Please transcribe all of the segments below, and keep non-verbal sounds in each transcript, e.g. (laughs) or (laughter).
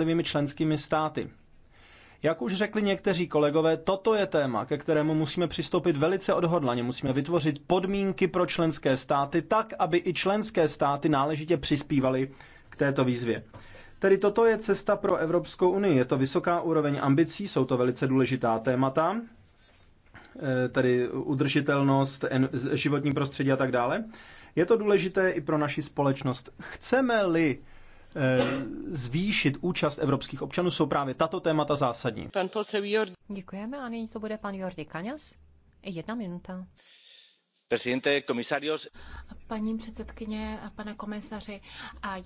jednotlivými členskými státy. Jak už řekli někteří kolegové, toto je téma, ke kterému musíme přistoupit velice odhodlaně. Musíme vytvořit podmínky pro členské státy tak, aby i členské státy náležitě přispívaly k této výzvě. Tedy toto je cesta pro Evropskou unii. Je to vysoká úroveň ambicí, jsou to velice důležitá témata, eh, tedy udržitelnost, životní prostředí a tak dále. Je to důležité i pro naši společnost. Chceme-li Eh, zvýšit účast evropských občanů, jsou právě tato témata zásadní. Pan Děkujeme a nyní to bude pan Jordi Kaňas. Jedna minuta. Paní předsedkyně a pane komisaři,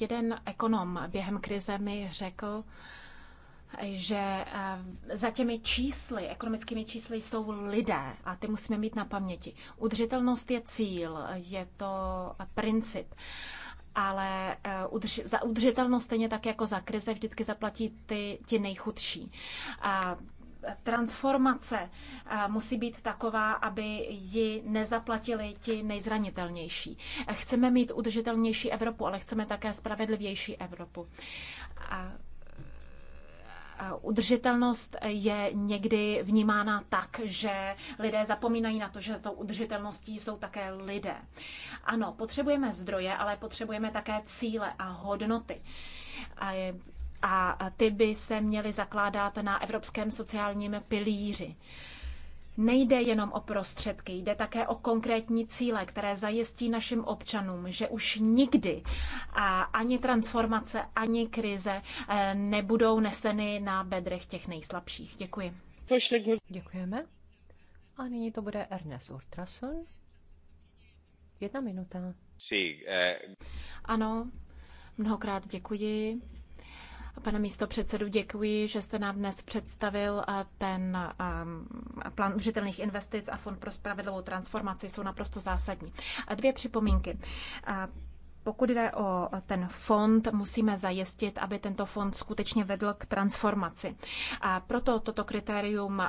jeden ekonom během krize mi řekl, že eh, za těmi čísly, ekonomickými čísly jsou lidé a ty musíme mít na paměti. Udržitelnost je cíl, je to princip ale eh, udrž, za udržitelnost stejně tak jako za krize vždycky zaplatí ty, ti nejchudší. A transformace eh, musí být taková, aby ji nezaplatili ti nejzranitelnější. Eh, chceme mít udržitelnější Evropu, ale chceme také spravedlivější Evropu. A Udržitelnost je někdy vnímána tak, že lidé zapomínají na to, že tou udržitelností jsou také lidé. Ano, potřebujeme zdroje, ale potřebujeme také cíle a hodnoty. A, a ty by se měly zakládat na evropském sociálním pilíři. Nejde jenom o prostředky, jde také o konkrétní cíle, které zajistí našim občanům, že už nikdy ani transformace, ani krize eh, nebudou neseny na bedrech těch nejslabších. Děkuji. Děkujeme. A nyní to bude Ernest Urtrason. Jedna minuta. Eh. Ano, mnohokrát děkuji. Pane místo předsedu, děkuji, že jste nám dnes představil eh, ten ehm, plán užitelných investic a Fond pro spravedlivou transformaci jsou naprosto zásadní. A dvě připomínky. Eh, pokud jde o ten fond, musíme zajistit, aby tento fond skutečně vedl k transformaci. A proto toto kritérium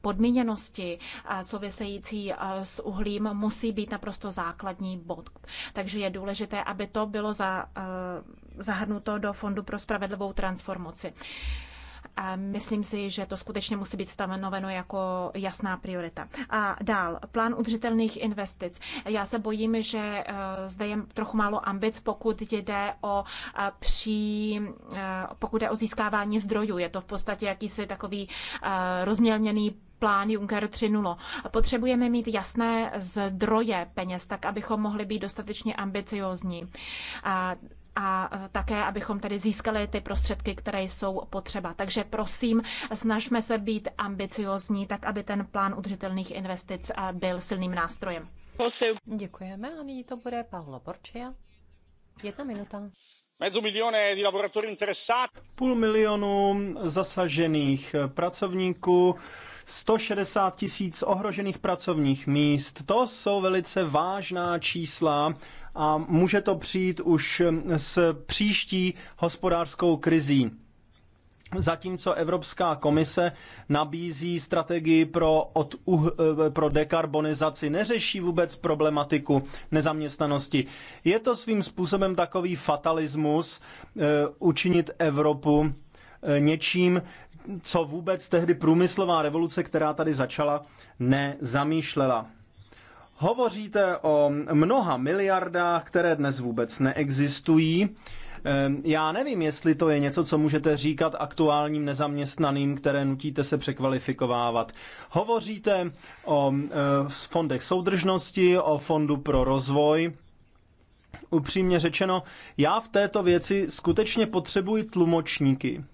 podmíněnosti související s uhlím musí být naprosto základní bod. Takže je důležité, aby to bylo za, e, zahrnuto do Fondu pro spravedlivou transformaci. Myslím si, že to skutečně musí být stanoveno jako jasná priorita. A dál, plán udržitelných investic. Já se bojím, že eh, zde je trochu málo ambic, pokud jde o, eh, při, eh, pokud jde o získávání zdrojů. Je to v podstatě jakýsi takový rozmělněný plán Juncker 3.0. Potřebujeme mít jasné zdroje peněz, tak abychom mohli být dostatečně ambiciozní a eh, také, abychom tady získali ty prostředky, které jsou potřeba. Takže prosím, snažme se být ambiciozní, tak aby ten plán udržitelných investic eh, byl silným nástrojem. Děkujeme a nyní to bude Paolo Borčia. Jedna minuta. Půl milionu zasažených pracovníků, 160 tisíc ohrožených pracovních míst. To jsou velice vážná čísla a může to přijít už s příští hospodářskou krizí. Zatímco Evropská komise nabízí strategii pro, od, uh, pro dekarbonizaci, neřeší vůbec problematiku nezaměstnanosti. Je to svým způsobem takový fatalismus uh, učinit Evropu uh, něčím, co vůbec tehdy průmyslová revoluce, která tady začala, nezamýšlela. Hovoříte o mnoha miliardách, které dnes vůbec neexistují. Ehm, já nevím, jestli to je něco, co můžete říkat aktuálním nezaměstnaným, které nutíte se překvalifikovávat. Hovoříte o eh, fondech soudržnosti, o fondu pro rozvoj. Upřímně řečeno, já v této věci skutečně potřebuji tlumočníky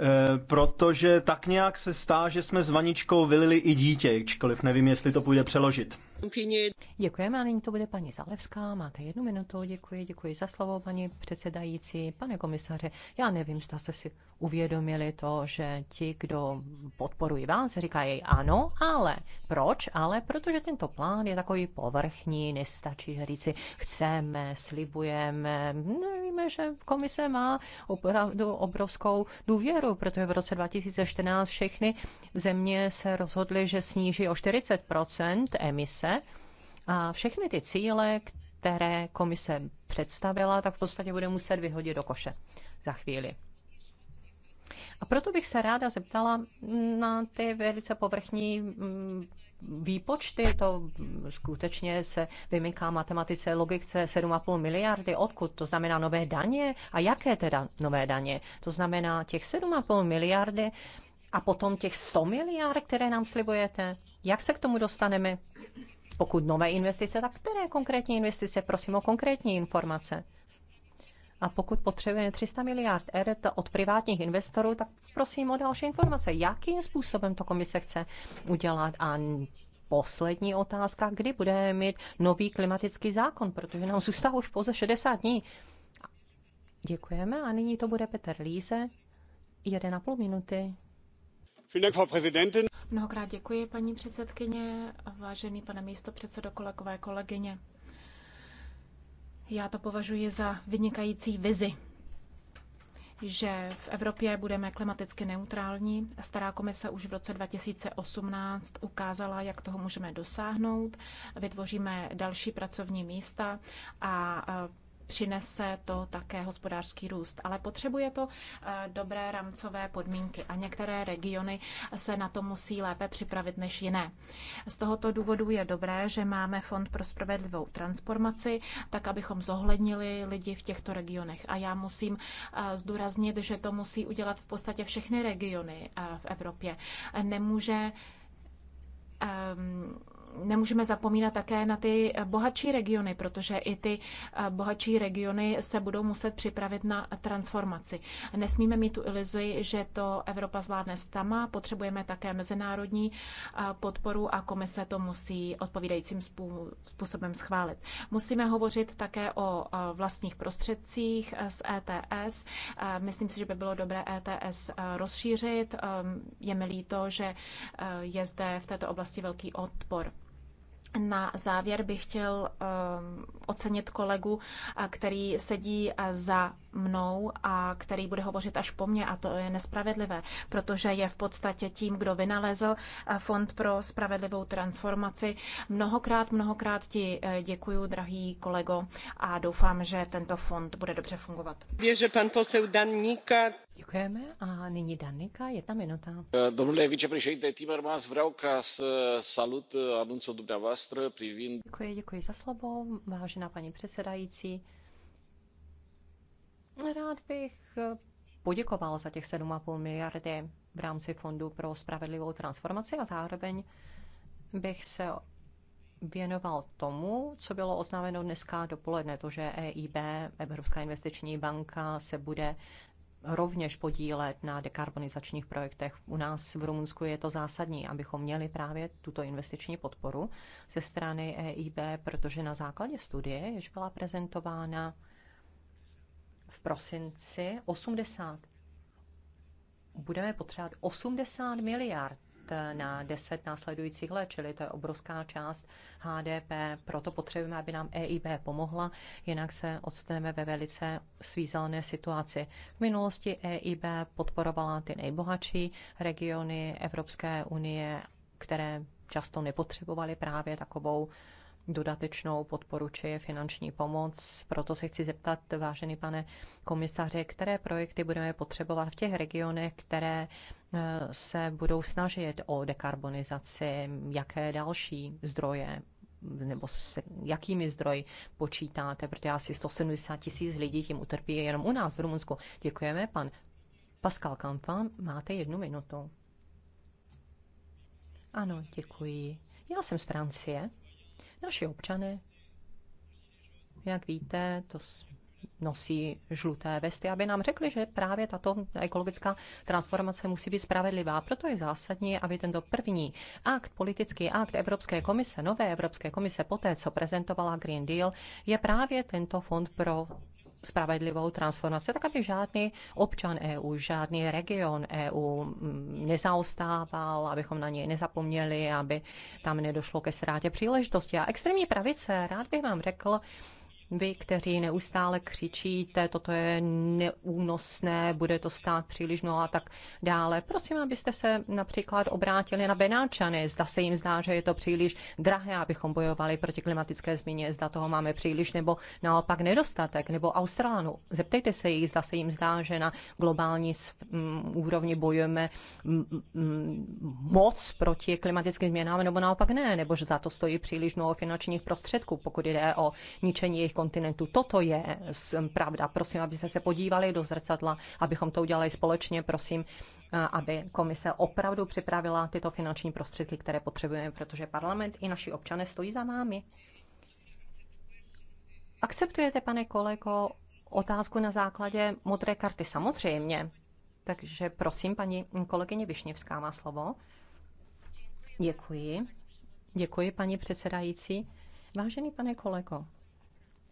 eh, protože tak nějak se stá, že jsme s vaničkou vylili i dítě, ačkoliv nevím, jestli to půjde přeložit. Děkujeme a nyní to bude paní Zalevská. Máte jednu minutu, děkuji, děkuji za slovo, paní předsedající. Pane komisaře, já nevím, zda jste si uvědomili to, že ti, kdo podporují vás, říkají ano, ale proč? Ale protože tento plán je takový povrchní, nestačí říci chceme, slibujeme. Nevíme, no, že komise má opravdu obrovskou důvěru, protože v roce 2014 všechny země se rozhodly, že sníží o 40 emise a všechny ty cíle, které komise představila, tak v podstatě bude muset vyhodit do koše za chvíli. A proto bych se ráda zeptala na ty velice povrchní mm, výpočty, to skutečně se vymyká matematice, logice 7,5 miliardy, odkud, to znamená nové daně a jaké teda nové daně, to znamená těch 7,5 miliardy a potom těch 100 miliard, které nám slibujete, jak se k tomu dostaneme? Pokud nové investice, tak které konkrétní investice? Prosím o konkrétní informace. A pokud potřebujeme 300 miliard R od privátních investorů, tak prosím o další informace. Jakým způsobem to komise chce udělat? A poslední otázka, kdy budeme mít nový klimatický zákon, protože nám zůstává už pouze 60 dní. Děkujeme a nyní to bude Petr Líze, 1,5 minuty. Mnohokrát děkuji, paní předsedkyně, vážený pane místopředsedo, kolegové, kolegyně. Já to považuji za vynikající vizi, že v Evropě budeme klimaticky neutrální. Stará komise už v roce 2018 ukázala, jak toho můžeme dosáhnout. Vytvoříme další pracovní místa a přinese to také hospodářský růst, ale potřebuje to eh, dobré rámcové podmínky a některé regiony se na to musí lépe připravit než jiné. Z tohoto důvodu je dobré, že máme Fond pro spravedlivou transformaci, tak abychom zohlednili lidi v těchto regionech. A já musím eh, zdůraznit, že to musí udělat v podstatě všechny regiony eh, v Evropě. Nemůže um, nemůžeme zapomínat také na ty eh, bohatší regiony, protože i ty eh, bohatší regiony se budou muset připravit na transformaci. Nesmíme mít tu iluzi, že to Evropa zvládne sama, potřebujeme také mezinárodní eh, podporu a komise to musí odpovídajícím způsobem schválit. Musíme hovořit také o vlastních prostředcích z ETS. Myslím si, že by bylo dobré ETS rozšířit. Ehm, je mi líto, že je zde v této oblasti velký odpor. Na závěr bych chtěl ehm, ocenit kolegu, který sedí za mnou a který bude hovořit až po mně a to je nespravedlivé, protože je v podstatě tím, kdo vynalezl eh, Fond pro spravedlivou transformaci. Mnohokrát, mnohokrát ti eh, děkuji, drahý kolego, a doufám, že tento fond bude dobře fungovat. Věře pan posel Daníka. Děkujeme a nyní Danika, jedna minuta. Eh, domnule vicepreședinte Timmermans, vreau ca să salut anunțul dumneavoastră privind... Děkuji, děkuji za slovo, vážená paní předsedající. Rád bych eh, poděkoval za těch 7,5 miliardy v rámci Fondu pro spravedlivou transformaci a zároveň bych se věnoval tomu, co bylo oznámeno dneska dopoledne, to, že EIB, Evropská investiční banka, se bude rovněž podílet na dekarbonizačních projektech. U nás v Rumunsku je to zásadní, abychom měli právě tuto investiční podporu ze strany EIB, protože na základě studie, jež byla prezentována v prosinci 80. Budeme potřebovat 80 miliard na 10 následujících let, čili to je obrovská část HDP, proto potřebujeme, aby nám EIB pomohla, jinak se odstaneme ve velice svízelné situaci. V minulosti EIB podporovala ty nejbohatší regiony Evropské unie, které často nepotřebovaly právě takovou dodatečnou podporu či finanční pomoc. Proto se chci zeptat, vážený pane komisaře, které projekty budeme potřebovat v těch regionech, které eh, se budou snažit o dekarbonizaci, jaké další zdroje nebo se jakými zdroji počítáte, protože asi 170 tisíc lidí tím utrpí jenom u nás v Rumunsku. Děkujeme, pan Pascal Kampa, máte jednu minutu. Ano, děkuji. Já jsem z Francie Naši občané, jak víte, to nosí žluté vesty, aby nám řekli, že právě tato ekologická transformace musí být spravedlivá. Proto je zásadní, aby tento první akt, politický akt Evropské komise, nové Evropské komise, poté, co prezentovala Green Deal, je právě tento fond pro spravedlivou transformaci, tak aby žádný občan EU, žádný region EU nezaostával, abychom na něj nezapomněli, aby tam nedošlo ke ztrátě příležitosti. A extrémní pravice, rád bych vám řekl, vy, kteří neustále křičíte, toto je neúnosné, bude to stát příliš mnoho a tak dále. Prosím, abyste se například obrátili na Benáčany. Zda se jim zdá, že je to příliš drahé, abychom bojovali proti klimatické změně, zda toho máme příliš nebo naopak nedostatek, nebo Australanu. Zeptejte se jich, zda se jim zdá, že na globální mm, úrovni bojujeme moc proti klimatickým změnám, nebo naopak ne, nebo že za to stojí příliš mnoho finančních prostředků, pokud jde o ničení jejich kontinentu. Toto je pravda. Prosím, abyste se podívali do zrcadla, abychom to udělali společně. Prosím, eh, aby komise opravdu připravila tyto finanční prostředky, které potřebujeme, protože parlament i naši občané stojí za vámi. Akceptujete, pane kolego, otázku na základě modré karty? Samozřejmě. Takže prosím, paní kolegyně Višněvská má slovo. Děkuji. Děkuji, paní předsedající. Vážený pane kolego,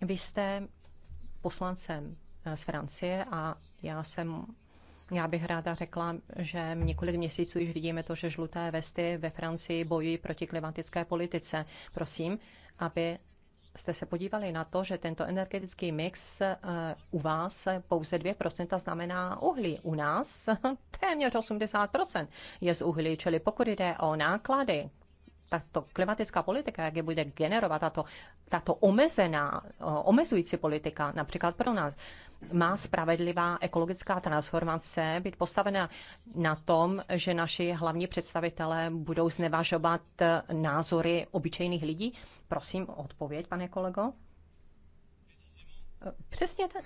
vy jste poslancem eh, z Francie a já jsem já bych ráda řekla, že několik měsíců již vidíme to, že žluté vesty ve Francii bojují proti klimatické politice. Prosím, aby jste se podívali na to, že tento energetický mix eh, u vás pouze 2% znamená uhlí. U nás (laughs) téměř 80% je z uhlí, čili pokud jde o náklady, tato klimatická politika, jak je bude generovat tato, tato omezená, omezující politika, například pro nás, má spravedlivá ekologická transformace být postavena na tom, že naši hlavní představitelé budou znevažovat názory obyčejných lidí? Prosím, odpověď, pane kolego. Přesně ten,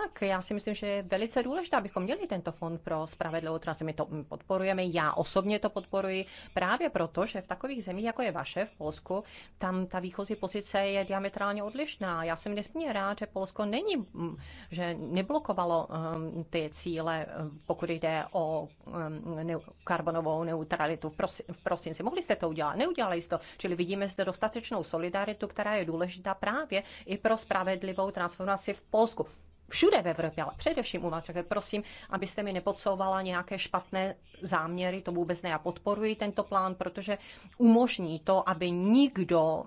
tak já si myslím, že je velice důležité, abychom měli tento fond pro spravedlivou trasy. My to podporujeme, já osobně to podporuji právě proto, že v takových zemích, jako je vaše v Polsku, tam ta výchozí pozice je diametrálně odlišná. Já jsem nesmírně rád, že Polsko není, mm, že neblokovalo um, ty cíle, ehm, pokud jde o um, ehm, ne- karbonovou neutralitu v, prosi- v prosinci. Mohli jste to udělat, neudělali jste to. Čili vidíme zde dostatečnou solidaritu, která je důležitá právě i pro spravedlivou transformaci v Polsku všude v Evropě, ale především u vás. Takže prosím, abyste mi nepodsouvala nějaké špatné záměry, to vůbec ne. Já podporuji tento plán, protože umožní to, aby nikdo,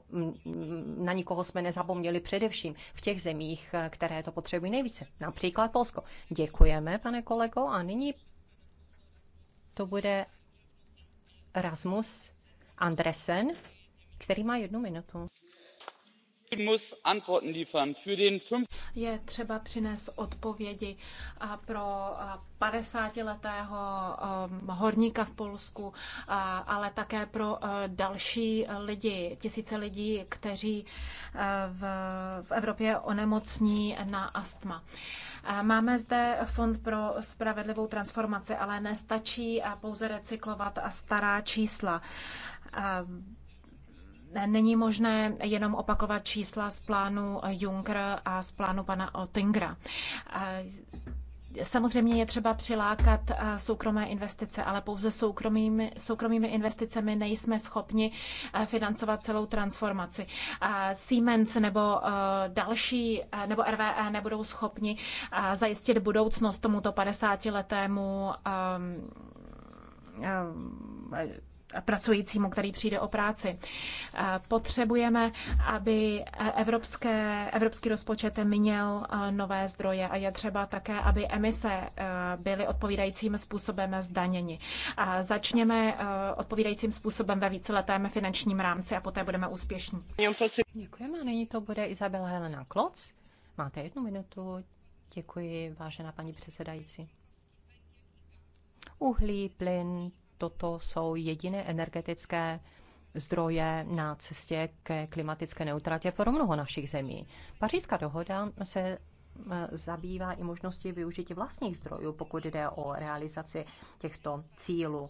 na nikoho jsme nezapomněli, především v těch zemích, které to potřebují nejvíce. Například Polsko. Děkujeme, pane kolego, a nyní to bude Rasmus Andresen, který má jednu minutu. Je třeba přinést odpovědi pro 50-letého um, horníka v Polsku, ale také pro e, další lidi, tisíce lidí, kteří e, v Evropě onemocní na astma. Máme zde Fond pro spravedlivou transformaci, ale nestačí pouze recyklovat stará čísla není možné jenom opakovat čísla z plánu Juncker a z plánu pana Otingra. Samozřejmě je třeba přilákat eh, soukromé investice, ale pouze soukromými, soukromými investicemi nejsme schopni eh, financovat celou transformaci. Eh, Siemens nebo další, nebo RVE nebudou schopni zajistit budoucnost tomuto 50-letému um, ehm, um, ehm, pracujícímu, který přijde o práci. Potřebujeme, aby evropské, evropský rozpočet měl nové zdroje a je třeba také, aby emise byly odpovídajícím způsobem zdaněni. Začněme odpovídajícím způsobem ve víceletém finančním rámci a poté budeme úspěšní. Děkujeme a nyní to bude Izabela Helena Kloc. Máte jednu minutu. Děkuji, vážená paní předsedající. Uhlí, plyn, toto jsou jediné energetické zdroje na cestě k klimatické neutralitě pro mnoho našich zemí. Pařížská dohoda se e, zabývá i možností využití vlastních zdrojů, pokud jde o realizaci těchto cílů.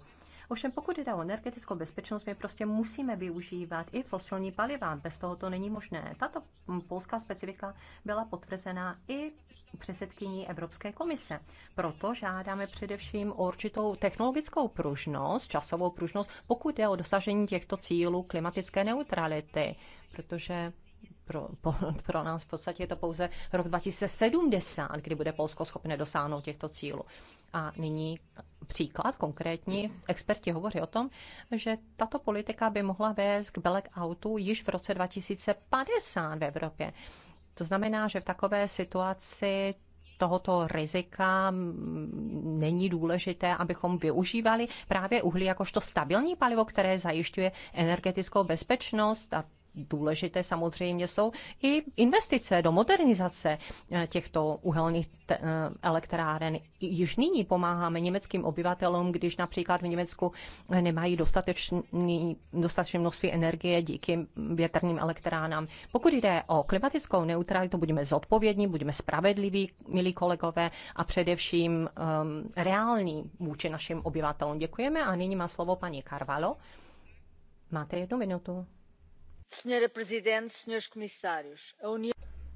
Ovšem, pokud jde o energetickou bezpečnost, my prostě musíme využívat i fosilní paliva. Bez toho to není možné. Tato polská specifika byla potvrzená i předsedkyní Evropské komise. Proto žádáme především o určitou technologickou pružnost, časovou pružnost, pokud jde o dosažení těchto cílů klimatické neutrality, protože pro, po, pro nás v podstatě je to pouze rok 2070, kdy bude Polsko schopné dosáhnout těchto cílů. A nyní příklad konkrétní. Experti hovoří o tom, že tato politika by mohla vést k belek autu již v roce 2050 v Evropě. To znamená, že v takové situaci tohoto rizika není důležité, abychom využívali právě uhlí jakožto stabilní palivo, které zajišťuje energetickou bezpečnost a důležité samozřejmě jsou i investice do modernizace eh, těchto uhelných eh, elektráren. Již nyní pomáháme německým obyvatelům, když například v Německu eh, nemají dostatečný, dostatečné množství energie díky větrným elektrárnám. Pokud jde o klimatickou neutralitu, budeme zodpovědní, budeme spravedliví, milí kolegové, a především um, reální vůči našim obyvatelům. Děkujeme a nyní má slovo paní Carvalo. Máte jednu minutu.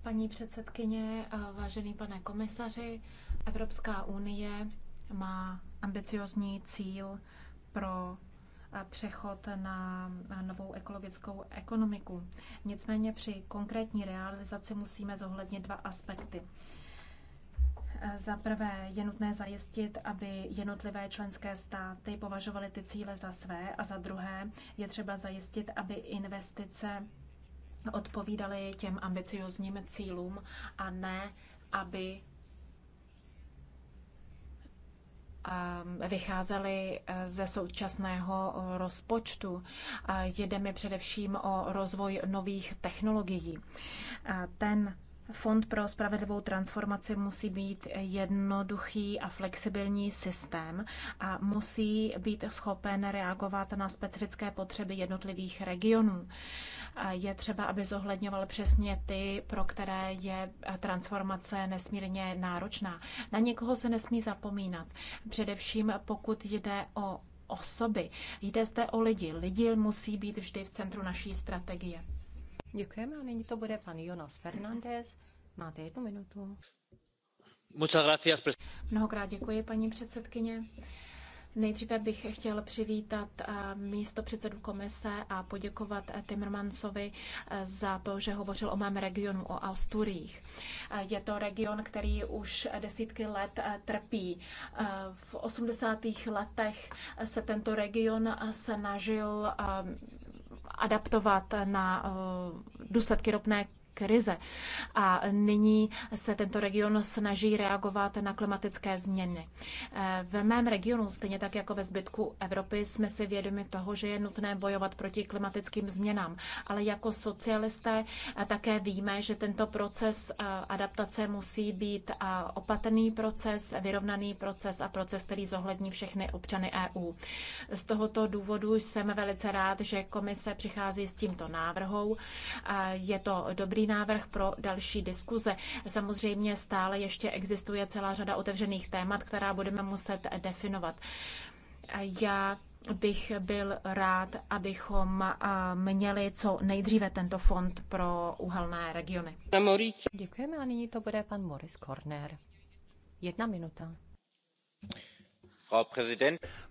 Paní předsedkyně, vážený pane komisaři, Evropská unie má ambiciozní cíl pro přechod na novou ekologickou ekonomiku. Nicméně při konkrétní realizaci musíme zohlednit dva aspekty. Za prvé je nutné zajistit, aby jednotlivé členské státy považovaly ty cíle za své a za druhé je třeba zajistit, aby investice odpovídaly těm ambiciozním cílům a ne, aby ehm, vycházely eh, ze současného eh, rozpočtu. Eh, jde mi především o rozvoj nových technologií. Ten Fond pro spravedlivou transformaci musí být jednoduchý a flexibilní systém a musí být schopen reagovat na specifické potřeby jednotlivých regionů. Je třeba, aby zohledňoval přesně ty, pro které je transformace nesmírně náročná. Na někoho se nesmí zapomínat, především pokud jde o osoby. Jde zde o lidi. Lidi musí být vždy v centru naší strategie. Děkujeme a nyní to bude pan Jonas Fernandez. Máte jednu minutu. Mnohokrát děkuji, paní předsedkyně. Nejdříve bych chtěl přivítat eh, místo předsedu komise a poděkovat eh, Timmermansovi eh, za to, že hovořil o mém regionu, o Asturiích. Je to region, který už desítky let trpí. V 80. letech se tento region snažil adaptovat na eh, důsledky ropné krize. A nyní se tento region snaží reagovat na klimatické změny. Eh, ve mém regionu, stejně tak jako ve zbytku Evropy, jsme si vědomi toho, že je nutné bojovat proti klimatickým změnám. Ale jako socialisté eh, také víme, že tento proces eh, adaptace musí být opatrný proces, vyrovnaný proces a proces, který zohlední všechny občany EU. Z tohoto důvodu jsem velice rád, že komise přichází s tímto návrhou. Je to dobrý návrh pro další diskuze. Samozřejmě stále ještě existuje celá řada otevřených témat, která budeme muset definovat. Já bych byl rád, abychom měli co nejdříve tento fond pro uhelné regiony. Děkujeme a nyní to bude pan Moris Korner. Jedna minuta.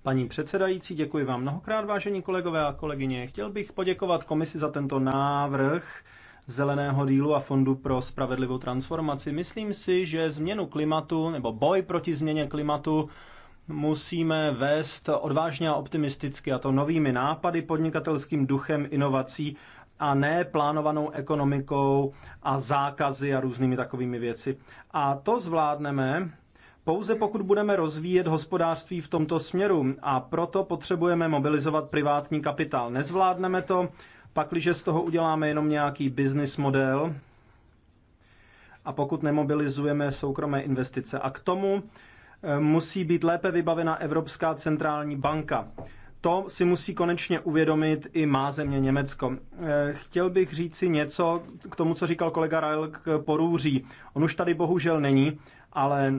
Paní předsedající, děkuji vám mnohokrát, vážení kolegové a kolegyně. Chtěl bych poděkovat komisi za tento návrh zeleného dílu a fondu pro spravedlivou transformaci. Myslím si, že změnu klimatu nebo boj proti změně klimatu musíme vést odvážně a optimisticky, a to novými nápady, podnikatelským duchem, inovací a ne plánovanou ekonomikou a zákazy a různými takovými věci. A to zvládneme pouze pokud budeme rozvíjet hospodářství v tomto směru a proto potřebujeme mobilizovat privátní kapitál. Nezvládneme to Pakliže z toho uděláme jenom nějaký business model a pokud nemobilizujeme soukromé investice. A k tomu eh, musí být lépe vybavena Evropská centrální banka. To si musí konečně uvědomit i má země Německo. Eh, chtěl bych říct si něco k tomu, co říkal kolega Rail k Porůří. On už tady bohužel není, ale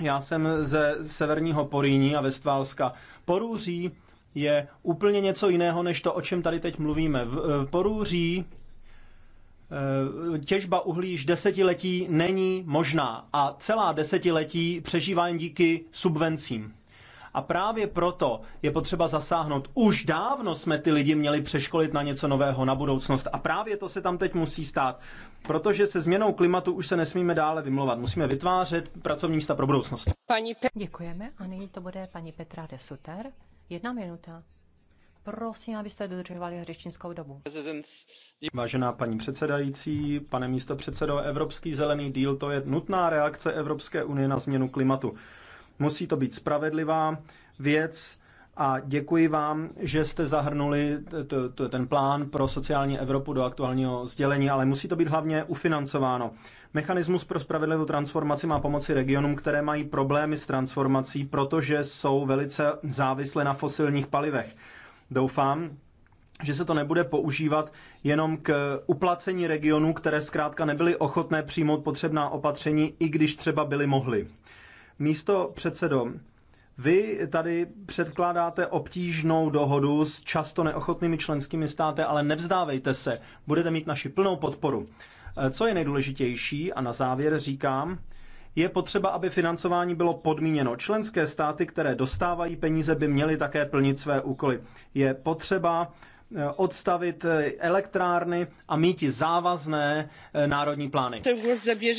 já jsem ze severního Poríní a Vestválska. Porůří je úplně něco jiného, než to, o čem tady teď mluvíme. V eh, Porůří eh, těžba uhlí již desetiletí není možná a celá desetiletí přežívání díky subvencím. A právě proto je potřeba zasáhnout. Už dávno jsme ty lidi měli přeškolit na něco nového, na budoucnost. A právě to se tam teď musí stát. Protože se změnou klimatu už se nesmíme dále vymlouvat. Musíme vytvářet pracovní místa pro budoucnost. Paní Pe- Děkujeme. A nyní to bude paní Petra Desuter Jedna minuta. Prosím, abyste dodržovali řečnickou dobu. Vážená paní předsedající, pane místo předsedo, Evropský zelený díl to je nutná reakce Evropské unie na změnu klimatu. Musí to být spravedlivá věc, a děkuji vám, že jste zahrnuli ten plán pro sociální Evropu do aktuálního sdělení, ale musí to být hlavně ufinancováno. Mechanismus pro spravedlivou transformaci má pomoci regionům, které mají problémy s transformací, protože jsou velice závislé na fosilních palivech. Doufám, že se to nebude používat jenom k uplacení regionů, které zkrátka nebyly ochotné přijmout potřebná opatření, i když třeba byly mohly. Místo předsedo, vy tady předkládáte obtížnou dohodu s často neochotnými členskými státy, ale nevzdávejte se, budete mít naši plnou podporu. Co je nejdůležitější, a na závěr říkám, je potřeba, aby financování bylo podmíněno. Členské státy, které dostávají peníze, by měly také plnit své úkoly. Je potřeba eh, odstavit eh, elektrárny a mít závazné eh, národní plány.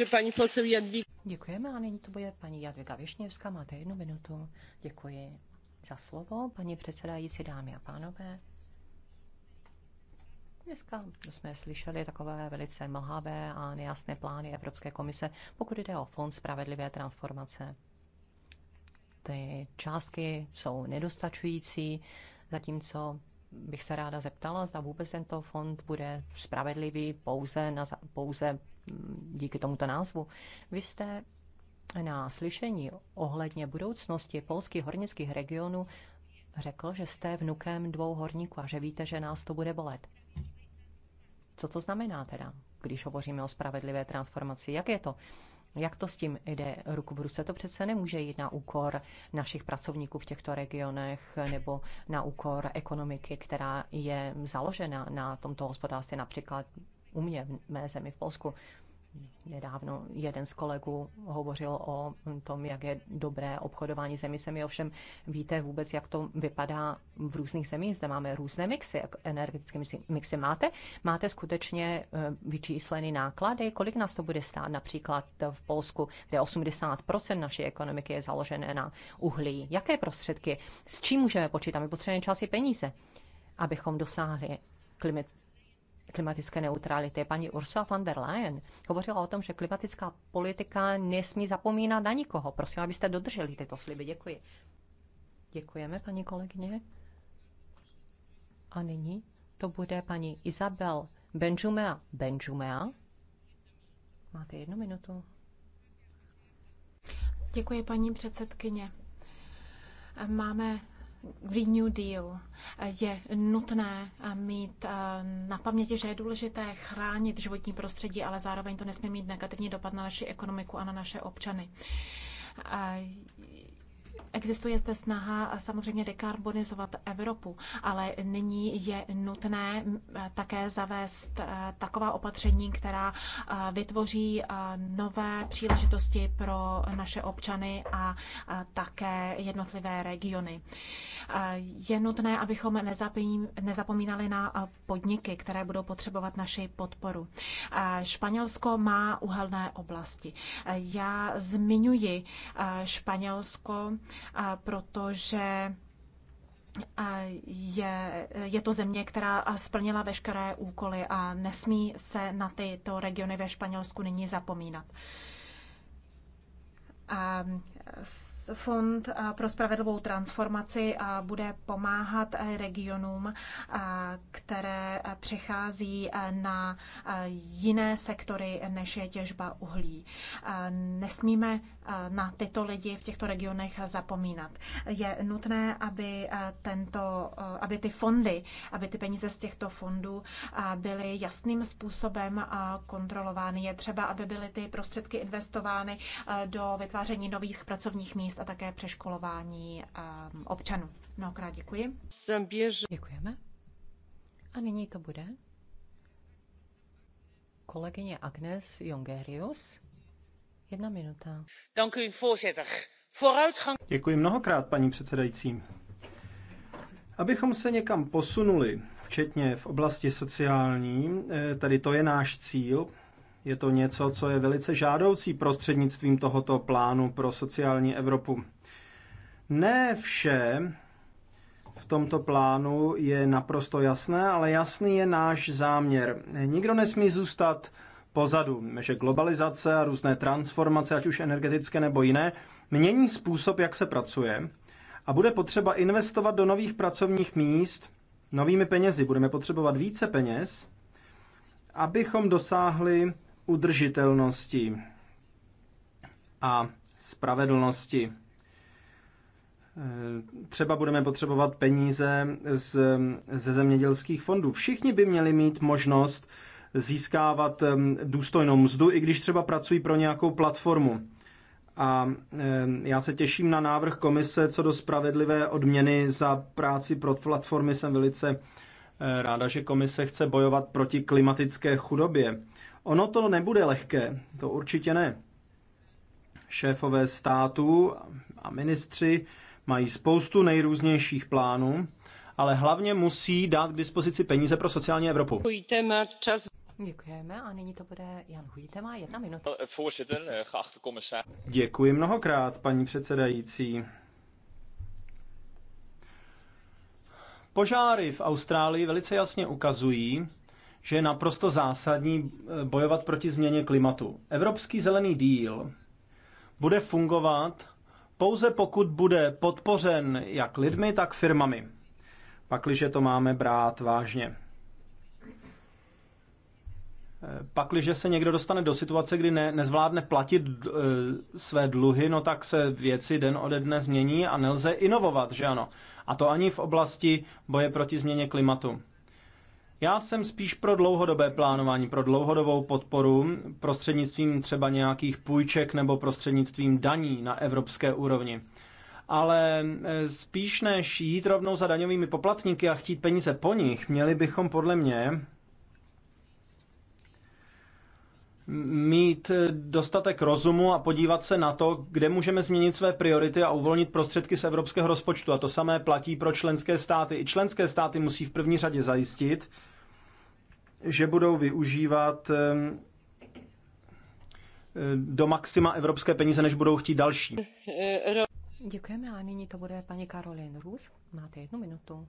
paní Jadwiga. Děkujeme a nyní to bude paní Jadwiga Višněvská. Máte jednu minutu. Děkuji za slovo, paní předsedající, dámy a pánové. Dneska jsme slyšeli takové velice mlhavé a nejasné plány Evropské komise, pokud jde o Fond spravedlivé transformace. Ty částky jsou nedostačující, zatímco bych se ráda zeptala, zda vůbec tento fond bude spravedlivý pouze, na, pouze mm, díky tomuto názvu. Vy jste na slyšení ohledně budoucnosti polských hornických regionů řekl, že jste vnukem dvou horníků a že víte, že nás to bude bolet. Co to znamená teda, když hovoříme o spravedlivé transformaci? Jak je to? Jak to s tím jde ruku v ruce? To přece nemůže jít na úkor našich pracovníků v těchto regionech nebo na úkor ekonomiky, která je založena na tomto hospodářství, například u mě v mé zemi v Polsku. Nedávno jeden z kolegů hovořil o tom, jak je dobré obchodování s emisemi. Ovšem víte vůbec, jak to vypadá v různých zemích. Zde máme různé mixy, energetické mixy. Máte, máte skutečně eh, vyčísleny náklady? Kolik nás to bude stát například v Polsku, kde 80% naší ekonomiky je založené na uhlí? Jaké prostředky? S čím můžeme počítat? My potřebujeme čas i peníze, abychom dosáhli klimat, klimatické neutrality. Paní Ursula von der Leyen hovořila o tom, že klimatická politika nesmí zapomínat na nikoho. Prosím, abyste dodrželi tyto sliby. Děkuji. Děkujeme, paní kolegyně. A nyní to bude paní Isabel Benjumea Benjumea. Máte jednu minutu. Děkuji, paní předsedkyně. Máme Green New Deal je nutné eh, mít eh, na paměti, že je důležité chránit životní prostředí, ale zároveň to nesmí mít negativní dopad na naši ekonomiku a na naše občany eh, Existuje zde snaha samozřejmě dekarbonizovat Evropu, ale nyní je nutné e, také zavést e, taková opatření, která e, vytvoří nové příležitosti pro naše občany a také jednotlivé regiony. Je nutné, abychom nezapomínali na podniky, které budou potřebovat naši podporu. Španělsko má uhelné oblasti. Já zmiňuji Španělsko, protože je, je to země, která splnila veškeré úkoly a nesmí se na tyto regiony ve Španělsku nyní zapomínat. A Fond pro spravedlivou transformaci bude pomáhat regionům, které přechází na jiné sektory, než je těžba uhlí. Nesmíme na tyto lidi v těchto regionech zapomínat. Je nutné, aby, tento, aby ty fondy, aby ty peníze z těchto fondů byly jasným způsobem kontrolovány. Je třeba, aby byly ty prostředky investovány do vytváření nových pracovních pracovních míst a také přeškolování ehm, občanů. Mnohokrát děkuji. Děkujeme. A nyní to bude kolegyně Agnes Jongerius. Jedna minuta. Děkuji mnohokrát, paní předsedající. Abychom se někam posunuli, včetně v oblasti sociální, eh, tady to je náš cíl, je to něco, co je velice žádoucí prostřednictvím tohoto plánu pro sociální Evropu. Ne vše v tomto plánu je naprosto jasné, ale jasný je náš záměr. Nikdo nesmí zůstat pozadu, že globalizace a různé transformace, ať už energetické nebo jiné, mění způsob, jak se pracuje a bude potřeba investovat do nových pracovních míst novými penězi. Budeme potřebovat více peněz, abychom dosáhli udržitelnosti a spravedlnosti. Eh, třeba budeme potřebovat peníze z, ze zemědělských fondů. Všichni by měli mít možnost získávat důstojnou mzdu, i když třeba pracují pro nějakou platformu. A já se těším na návrh komise co do spravedlivé odměny za práci pro platformy. Jsem velice eh, ráda, že komise chce bojovat proti klimatické chudobě. Ono to nebude lehké, to určitě ne. Šéfové států a ministři mají spoustu nejrůznějších plánů, ale hlavně musí dát k dispozici peníze pro sociální Evropu. Děkujeme a nyní to bude Jan Hujtema, jedna minuta. Eh, Děkuji mnohokrát, paní předsedající. Požáry v Austrálii velice jasně ukazují, že je naprosto zásadní eh, bojovat proti změně klimatu. Evropský zelený díl bude fungovat pouze pokud bude podpořen jak lidmi, tak firmami. Pakliže to máme brát vážně. Eh, pakliže se někdo dostane do situace, kdy ne, nezvládne platit e, své dluhy, no tak se věci den ode dne změní a nelze inovovat, že ano. A to ani v oblasti boje proti změně klimatu. Já jsem spíš pro dlouhodobé plánování, pro dlouhodobou podporu prostřednictvím třeba nějakých půjček nebo prostřednictvím daní na evropské úrovni. Ale e, spíš než jít rovnou za daňovými poplatníky a chtít peníze po nich, měli bychom podle mě mít dostatek rozumu a podívat se na to, kde můžeme změnit své priority a uvolnit prostředky z evropského rozpočtu. A to samé platí pro členské státy. I členské státy musí v první řadě zajistit, že budou využívat do maxima evropské peníze, než budou chtít další. Děkujeme a nyní to bude paní Karolin Růz. Máte jednu minutu.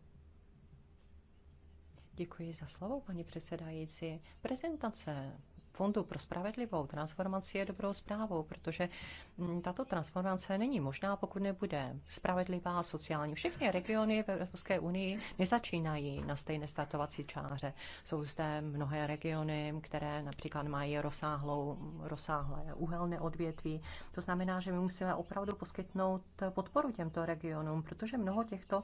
Děkuji za slovo, paní předsedající. Prezentace Fondu pro spravedlivou transformaci je dobrou zprávou, protože mm, tato transformace není možná, pokud nebude spravedlivá a sociální. Všechny regiony v Evropské unii nezačínají na stejné startovací čáře. Jsou zde mnohé regiony, které například mají rozsáhlou, rozsáhlé uhelné odvětví. To znamená, že my musíme opravdu poskytnout podporu těmto regionům, protože mnoho těchto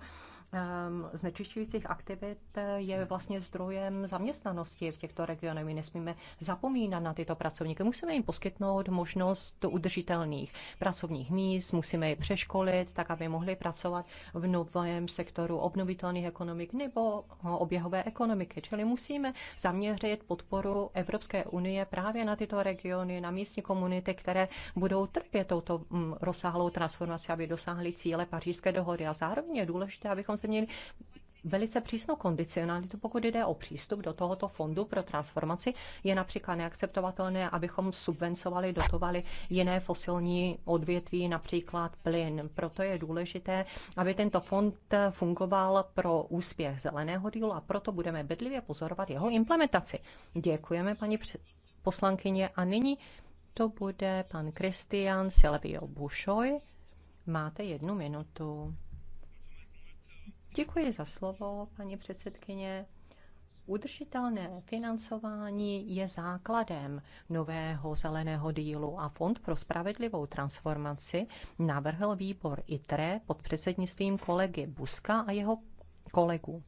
Ehm, znečišťujících aktivit eh, je vlastně zdrojem zaměstnanosti v těchto regionech. My nesmíme zapomínat na tyto pracovníky. Musíme jim poskytnout možnost udržitelných pracovních míst, musíme je přeškolit, tak aby mohli pracovat v novém sektoru obnovitelných ekonomik nebo eh, oběhové ekonomiky. Čili musíme zaměřit podporu Evropské unie právě na tyto regiony, na místní komunity, které budou trpět touto mm, rozsáhlou transformaci, aby dosáhly cíle pařížské dohody. A zároveň je důležité, abychom byste měli velice přísnou kondicionalitu, pokud jde o přístup do tohoto fondu pro transformaci. Je například neakceptovatelné, abychom subvencovali, dotovali jiné fosilní odvětví, například plyn. Proto je důležité, aby tento fond fungoval pro úspěch zeleného dílu a proto budeme bedlivě pozorovat jeho implementaci. Děkujeme, paní poslankyně. A nyní to bude pan Kristian Silvio Bušoj. Máte jednu minutu. Děkuji za slovo, paní předsedkyně. Udržitelné financování je základem nového zeleného dílu a Fond pro spravedlivou transformaci navrhl výbor ITRE pod předsednictvím kolegy Buska a jeho kolegů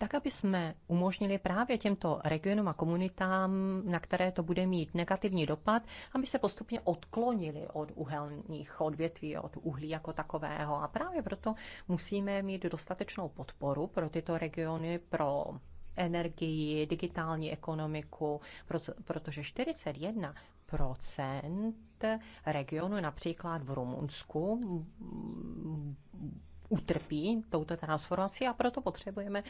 tak aby jsme umožnili právě těmto regionům a komunitám, na které to bude mít negativní dopad, aby se postupně odklonili od uhelných odvětví, od uhlí jako takového. A právě proto musíme mít dostatečnou podporu pro tyto regiony, pro energii, digitální ekonomiku, protože 41 regionu, například v Rumunsku, utrpí touto transformací a proto potřebujeme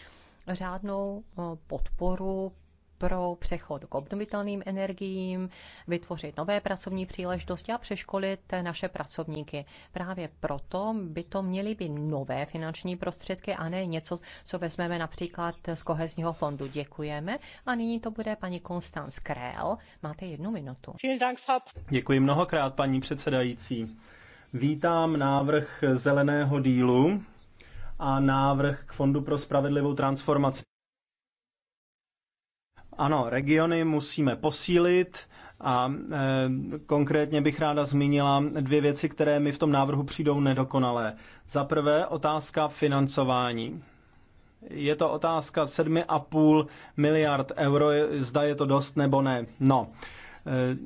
řádnou eh, podporu pro přechod k obnovitelným energiím, vytvořit nové pracovní příležitosti a přeškolit naše pracovníky. Právě proto by to měly být nové finanční prostředky a ne něco, co vezmeme například z kohezního fondu. Děkujeme. A nyní to bude paní Konstanz Krél. Máte jednu minutu. Děkuji mnohokrát, paní předsedající. Vítám návrh zeleného dílu, a návrh k Fondu pro spravedlivou transformaci. Ano, regiony musíme posílit a e, konkrétně bych ráda zmínila dvě věci, které mi v tom návrhu přijdou nedokonalé. Za prvé otázka financování. Je to otázka 7,5 miliard euro, zda je to dost nebo ne. No, eh,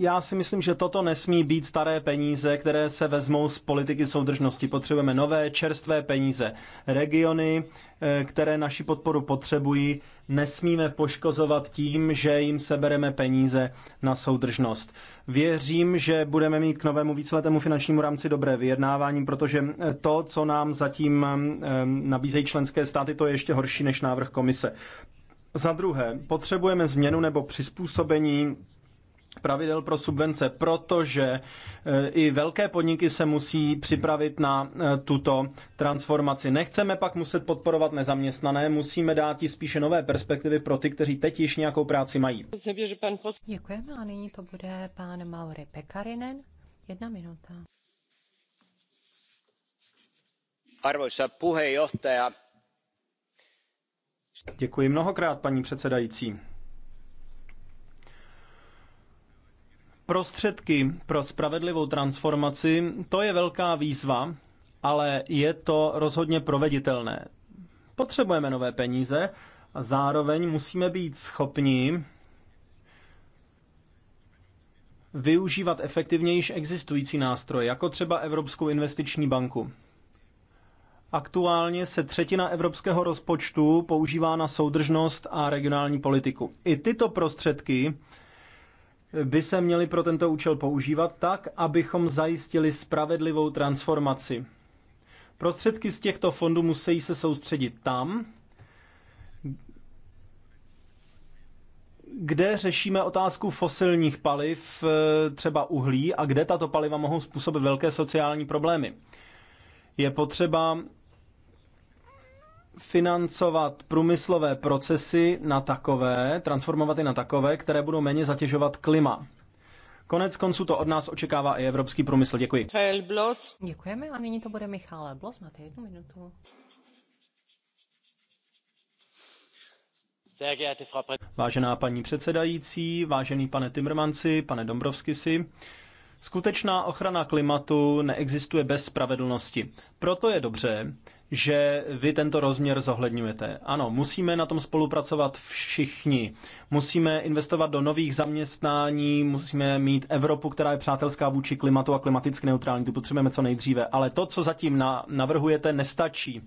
já si myslím, že toto nesmí být staré peníze, které se vezmou z politiky soudržnosti. Potřebujeme nové, čerstvé peníze. Regiony, eh, které naši podporu potřebují, nesmíme poškozovat tím, že jim sebereme peníze na soudržnost. Věřím, že budeme mít k novému víceletému finančnímu rámci dobré vyjednávání, protože eh, to, co nám zatím eh, nabízejí členské státy, to je ještě horší než návrh komise. Za druhé, potřebujeme změnu nebo přizpůsobení pravidel pro subvence, protože eh, i velké podniky se musí připravit na eh, tuto transformaci. Nechceme pak muset podporovat nezaměstnané, musíme dát i spíše nové perspektivy pro ty, kteří teď již nějakou práci mají. Děkujeme a nyní to bude pán Mauri Pekarinen. Jedna minuta. Arvoisa puheenjohtaja. Děkuji mnohokrát, paní předsedající. Prostředky pro spravedlivou transformaci, to je velká výzva, ale je to rozhodně proveditelné. Potřebujeme nové peníze a zároveň musíme být schopni využívat již existující nástroje, jako třeba Evropskou investiční banku. Aktuálně se třetina evropského rozpočtu používá na soudržnost a regionální politiku. I tyto prostředky by se měly pro tento účel používat tak, abychom zajistili spravedlivou transformaci. Prostředky z těchto fondů musí se soustředit tam, kde řešíme otázku fosilních paliv, e, třeba uhlí, a kde tato paliva mohou způsobit velké sociální problémy. Je potřeba financovat průmyslové procesy na takové, transformovat je na takové, které budou méně zatěžovat klima. Konec konců to od nás očekává i evropský průmysl. Děkuji. Michael Blos. Děkujeme a nyní to bude Michal Blos. Máte jednu minutu. Vážená paní předsedající, vážený pane Timrmanci, pane Dombrovskisi, skutečná ochrana klimatu neexistuje bez spravedlnosti. Proto je dobře, že vy tento rozměr zohledňujete. Ano, musíme na tom spolupracovat všichni. Musíme investovat do nových zaměstnání, musíme mít Evropu, která je přátelská vůči klimatu a klimaticky neutrální. Tu potřebujeme co nejdříve. Ale to, co zatím navrhujete, nestačí.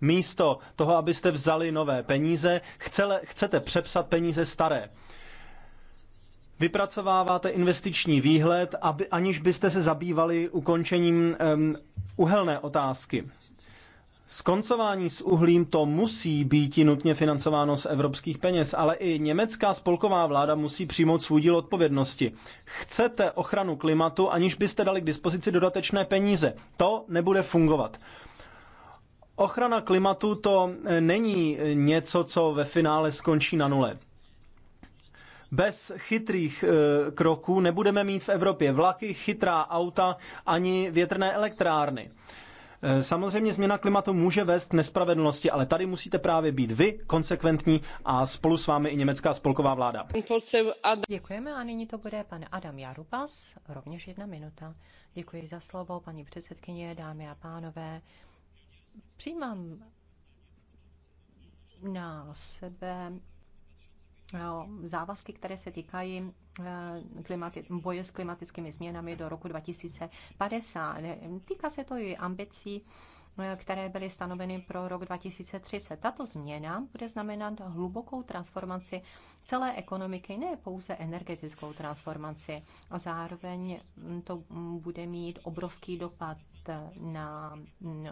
Místo toho, abyste vzali nové peníze, chcete přepsat peníze staré vypracováváte investiční výhled, aby, aniž byste se zabývali ukončením um, uhelné otázky. Skoncování s uhlím to musí být nutně financováno z evropských peněz, ale i německá spolková vláda musí přijmout svůj díl odpovědnosti. Chcete ochranu klimatu, aniž byste dali k dispozici dodatečné peníze. To nebude fungovat. Ochrana klimatu to není něco, co ve finále skončí na nule. Bez chytrých e, kroků nebudeme mít v Evropě vlaky, chytrá auta ani větrné elektrárny. Eh, samozřejmě změna klimatu může vést k nespravedlnosti, ale tady musíte právě být vy konsekventní a spolu s vámi i německá spolková vláda. Děkujeme a nyní to bude pan Adam Jarubas, rovněž jedna minuta. Děkuji za slovo, paní předsedkyně, dámy a pánové. Přijímám na sebe Eh, závazky, které se týkají eh, klimati- boje s klimatickými změnami do roku 2050. Týká se to i ambicí eh, které byly stanoveny pro rok 2030. Tato změna bude znamenat hlubokou transformaci celé ekonomiky, ne pouze energetickou transformaci. A zároveň mm, to bude mít obrovský dopad na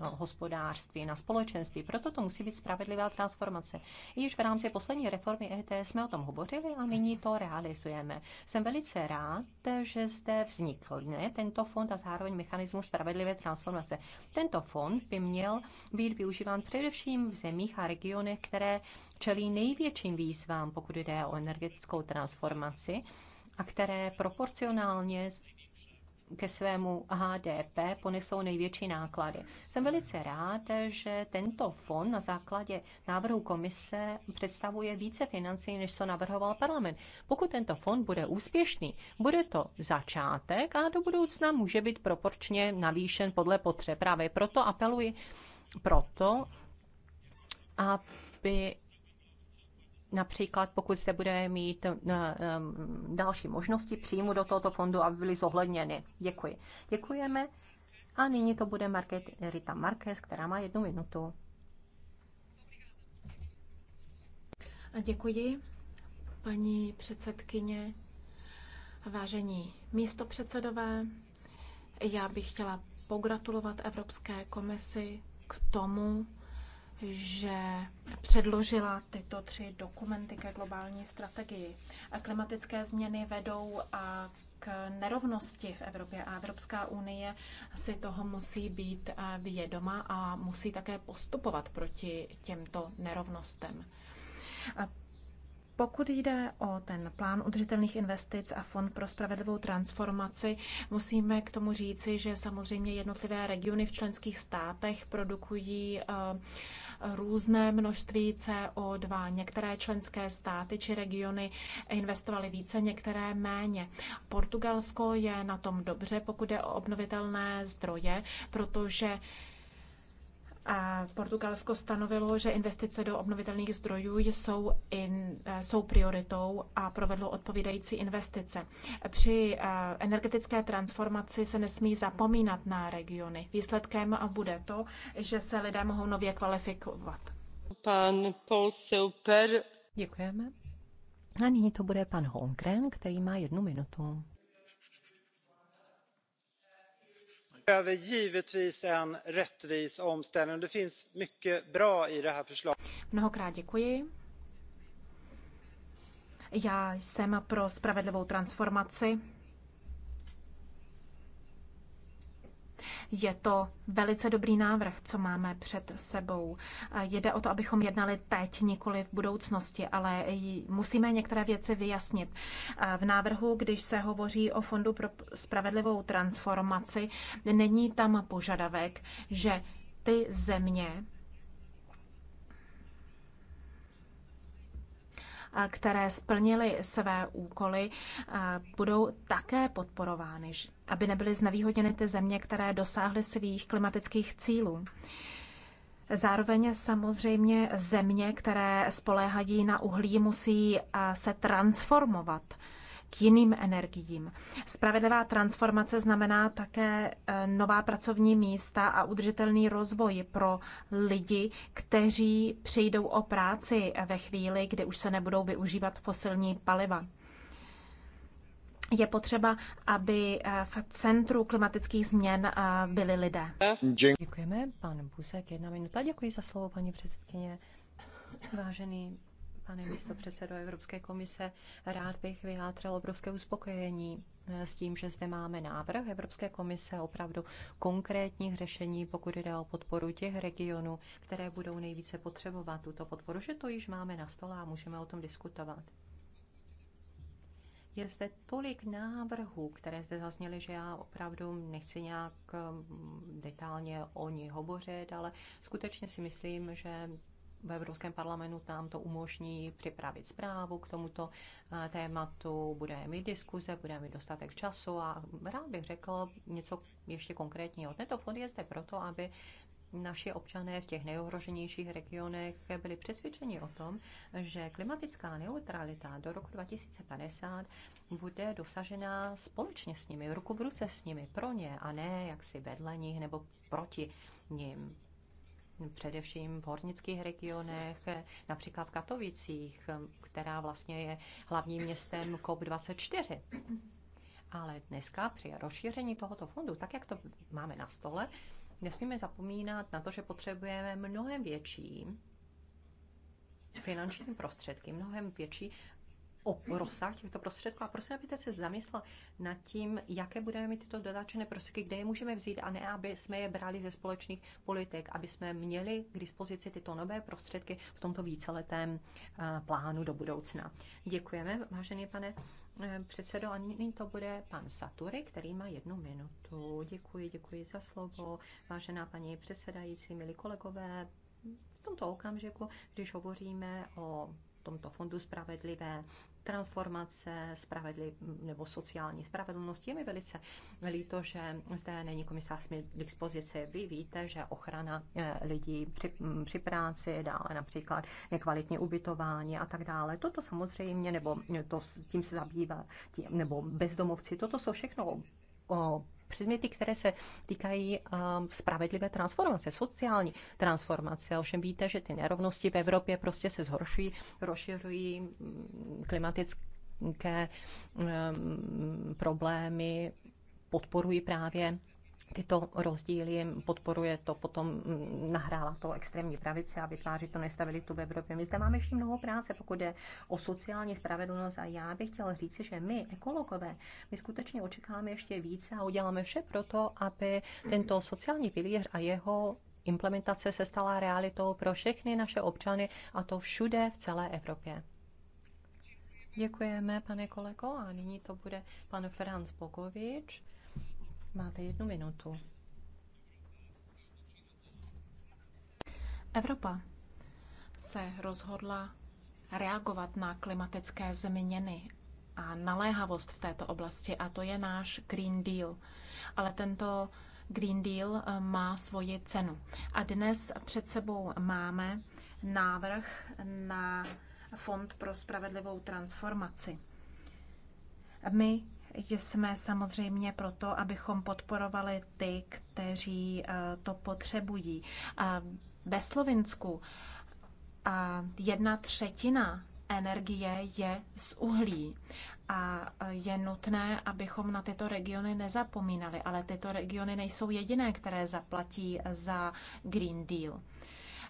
hospodářství, na společenství. Proto to musí být spravedlivá transformace. Již v rámci poslední reformy ETS jsme o tom hovořili a nyní to realizujeme. Jsem velice rád, že zde vznikl ne, tento fond a zároveň mechanismus spravedlivé transformace. Tento fond by měl být využíván především v zemích a regionech, které čelí největším výzvám, pokud jde o energetickou transformaci a které proporcionálně ke svému HDP ponesou největší náklady. Jsem velice rád, že tento fond na základě návrhu komise představuje více financí, než co navrhoval parlament. Pokud tento fond bude úspěšný, bude to začátek a do budoucna může být proporčně navýšen podle potřeb. Právě proto apeluji proto, aby například pokud se bude mít eh, eh, další možnosti příjmu do tohoto fondu, aby byly zohledněny. Děkuji. Děkujeme. A nyní to bude Rita Marquez, která má jednu minutu. A děkuji, paní předsedkyně, vážení místopředsedové. Já bych chtěla pogratulovat Evropské komisi k tomu, že předložila tyto tři dokumenty ke globální strategii. Klimatické změny vedou a k nerovnosti v Evropě a Evropská unie si toho musí být eh, vědoma a musí také postupovat proti těmto nerovnostem. A pokud jde o ten plán udržitelných investic a Fond pro spravedlivou transformaci, musíme k tomu říci, že samozřejmě jednotlivé regiony v členských státech produkují uh, různé množství CO2. Některé členské státy či regiony investovaly více, některé méně. Portugalsko je na tom dobře, pokud je o obnovitelné zdroje, protože Portugalsko stanovilo, že investice do obnovitelných zdrojů jsou, in, eh, jsou prioritou a provedlo odpovídající investice. Při eh, energetické transformaci se nesmí zapomínat na regiony. Výsledkem bude to, že se lidé mohou nově kvalifikovat. Pan Paul Super. Děkujeme. A nyní to bude pan Holmgren, který má jednu minutu. Mnohokrát děkuji. Já jsem pro spravedlivou transformaci Je to velice dobrý návrh, co máme před sebou. Jde o to, abychom jednali teď, nikoli v budoucnosti, ale musíme některé věci vyjasnit. V návrhu, když se hovoří o Fondu pro spravedlivou transformaci, není tam požadavek, že ty země, které splnily své úkoly, budou také podporovány aby nebyly znevýhodněny ty země, které dosáhly svých klimatických cílů. Zároveň samozřejmě země, které spoléhají na uhlí, musí se transformovat k jiným energiím. Spravedlivá transformace znamená také e, nová pracovní místa a udržitelný rozvoj pro lidi, kteří přijdou o práci ve chvíli, kdy už se nebudou využívat fosilní paliva je potřeba, aby eh, v centru klimatických změn eh, byli lidé. Děkujeme, pan Busek, jedna minuta. Děkuji za slovo, paní předsedkyně. Vážený pane předsedo Evropské komise, rád bych vyjádřil obrovské uspokojení eh, s tím, že zde máme návrh Evropské komise opravdu konkrétních řešení, pokud jde o podporu těch regionů, které budou nejvíce potřebovat tuto podporu, že to již máme na stole a můžeme o tom diskutovat. Je zde tolik návrhů, které zde zazněly, že já opravdu nechci nějak um, detailně o ní hovořit, ale skutečně si myslím, že v Evropském parlamentu nám to umožní připravit zprávu k tomuto uh, tématu, bude mít diskuze, bude mít dostatek času a rád bych řekl něco ještě konkrétního. Tento fond je zde proto, aby naši občané v těch nejohroženějších regionech byli přesvědčeni o tom, že klimatická neutralita do roku 2050 bude dosažena společně s nimi, ruku v ruce s nimi, pro ně a ne jaksi vedle nich nebo proti nim především v hornických regionech, například v Katovicích, která vlastně je hlavním městem COP24. Ale dneska při rozšíření tohoto fondu, tak jak to máme na stole, nesmíme zapomínat na to, že potřebujeme mnohem větší finanční prostředky, mnohem větší o rozsah těchto prostředků. A prosím, abyste se zamyslel nad tím, jaké budeme mít tyto dodatečné prostředky, kde je můžeme vzít, a ne, aby jsme je brali ze společných politik, aby jsme měli k dispozici tyto nové prostředky v tomto víceletém plánu do budoucna. Děkujeme, vážený pane Eh, předsedo, a nyní to bude pan Satury, který má jednu minutu. Děkuji, děkuji za slovo. Vážená paní předsedající, milí kolegové, v tomto okamžiku, když hovoříme o tomto fondu spravedlivé transformace, spravedli, nebo sociální spravedlnosti. Je mi velice líto, že zde není komisář k dispozici. Vy víte, že ochrana eh, lidí při, mm, při práci, dále například nekvalitní ubytování a tak dále. Toto samozřejmě, nebo to, tím se zabývá, tím, nebo bezdomovci, toto jsou všechno předměty, které se týkají eh, spravedlivé transformace, sociální transformace. Ovšem víte, že ty nerovnosti v Evropě prostě se zhoršují, rozšiřují mm, klimatické mm, problémy, podporují právě tyto rozdíly, podporuje to, potom mm, nahrála to extrémní pravice a vytváří to nestabilitu v Evropě. My zde máme ještě mnoho práce, pokud je o sociální spravedlnost a já bych chtěla říci, že my, ekologové, my skutečně očekáváme ještě více a uděláme vše pro to, aby tento sociální pilíř a jeho implementace se stala realitou pro všechny naše občany a to všude v celé Evropě. Děkujeme, pane kolego, a nyní to bude pan Franz Bogovič Máte jednu minutu. Evropa se rozhodla reagovat na klimatické změny a naléhavost v této oblasti, a to je náš Green Deal. Ale tento Green Deal eh, má svoji cenu. A dnes před sebou máme návrh na Fond pro spravedlivou transformaci. My jsme samozřejmě proto, abychom podporovali ty, kteří eh, to potřebují. Ve Slovensku jedna třetina energie je z uhlí a eh, je nutné, abychom na tyto regiony nezapomínali, ale tyto regiony nejsou jediné, které zaplatí za Green Deal.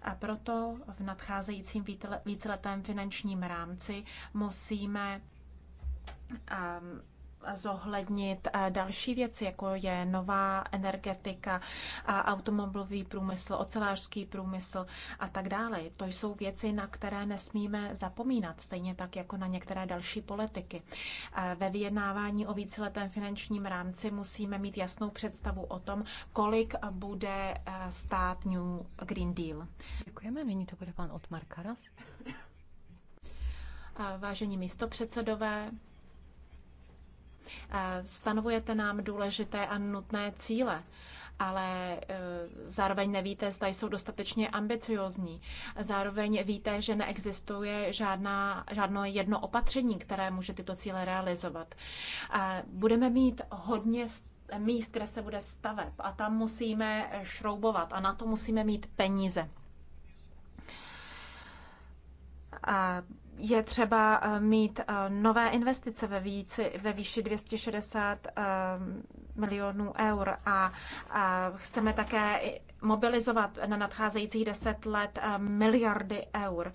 A proto v nadcházejícím víceletém finančním rámci musíme um, zohlednit eh, další věci, jako je nová energetika, automobilový průmysl, ocelářský průmysl a tak dále. To jsou věci, na které nesmíme zapomínat, stejně tak jako na některé další politiky. Eh, ve vyjednávání o víceletém finančním rámci musíme mít jasnou představu o tom, kolik bude eh, stát New Green Deal. Děkujeme, nyní to bude pan Otmar Karas. Vážení místopředsedové, Stanovujete nám důležité a nutné cíle, ale e, zároveň nevíte, zda jsou dostatečně ambiciozní. Zároveň víte, že neexistuje žádná, žádné jedno opatření, které může tyto cíle realizovat. Budeme mít hodně míst, kde se bude staveb a tam musíme e, šroubovat a na to musíme mít peníze. A je třeba eh, mít eh, nové investice ve, ve výši 260 eh, milionů eur a chceme také mobilizovat na nadcházejících deset let miliardy eur.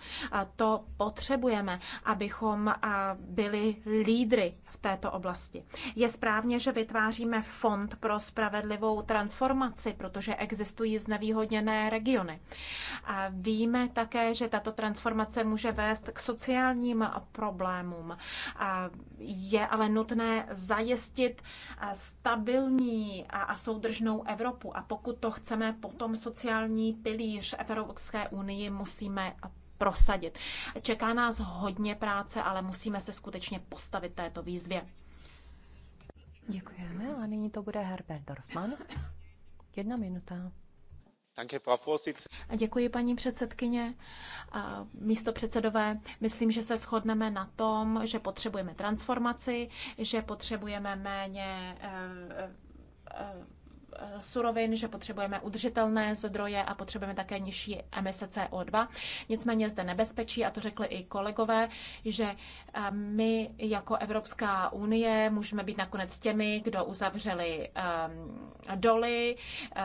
To potřebujeme, abychom byli lídry této oblasti. Je správně, že vytváříme fond pro spravedlivou transformaci, protože existují znevýhodněné regiony. A víme také, že tato transformace může vést k sociálním problémům. A je ale nutné zajistit stabilní a soudržnou Evropu. A pokud to chceme, potom sociální pilíř Evropské unii musíme prosadit. Čeká nás hodně práce, ale musíme se skutečně postavit této výzvě. Děkujeme a nyní to bude Herbert Dorfman. Jedna minuta. Děkuji, paní předsedkyně. Místo předsedové, myslím, že se shodneme na tom, že potřebujeme transformaci, že potřebujeme méně eh, eh, surovin, že potřebujeme udržitelné zdroje a potřebujeme také nižší emise CO2. Nicméně zde nebezpečí, a to řekli i kolegové, že eh, my jako Evropská unie můžeme být nakonec těmi, kdo uzavřeli eh, doly eh,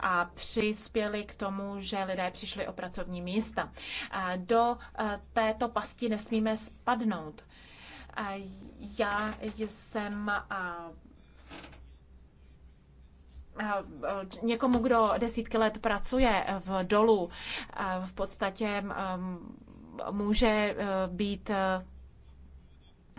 a přispěli k tomu, že lidé přišli o pracovní místa. Do této pasti nesmíme spadnout. Já jsem někomu, kdo desítky let pracuje v dolu, v podstatě může e, být e,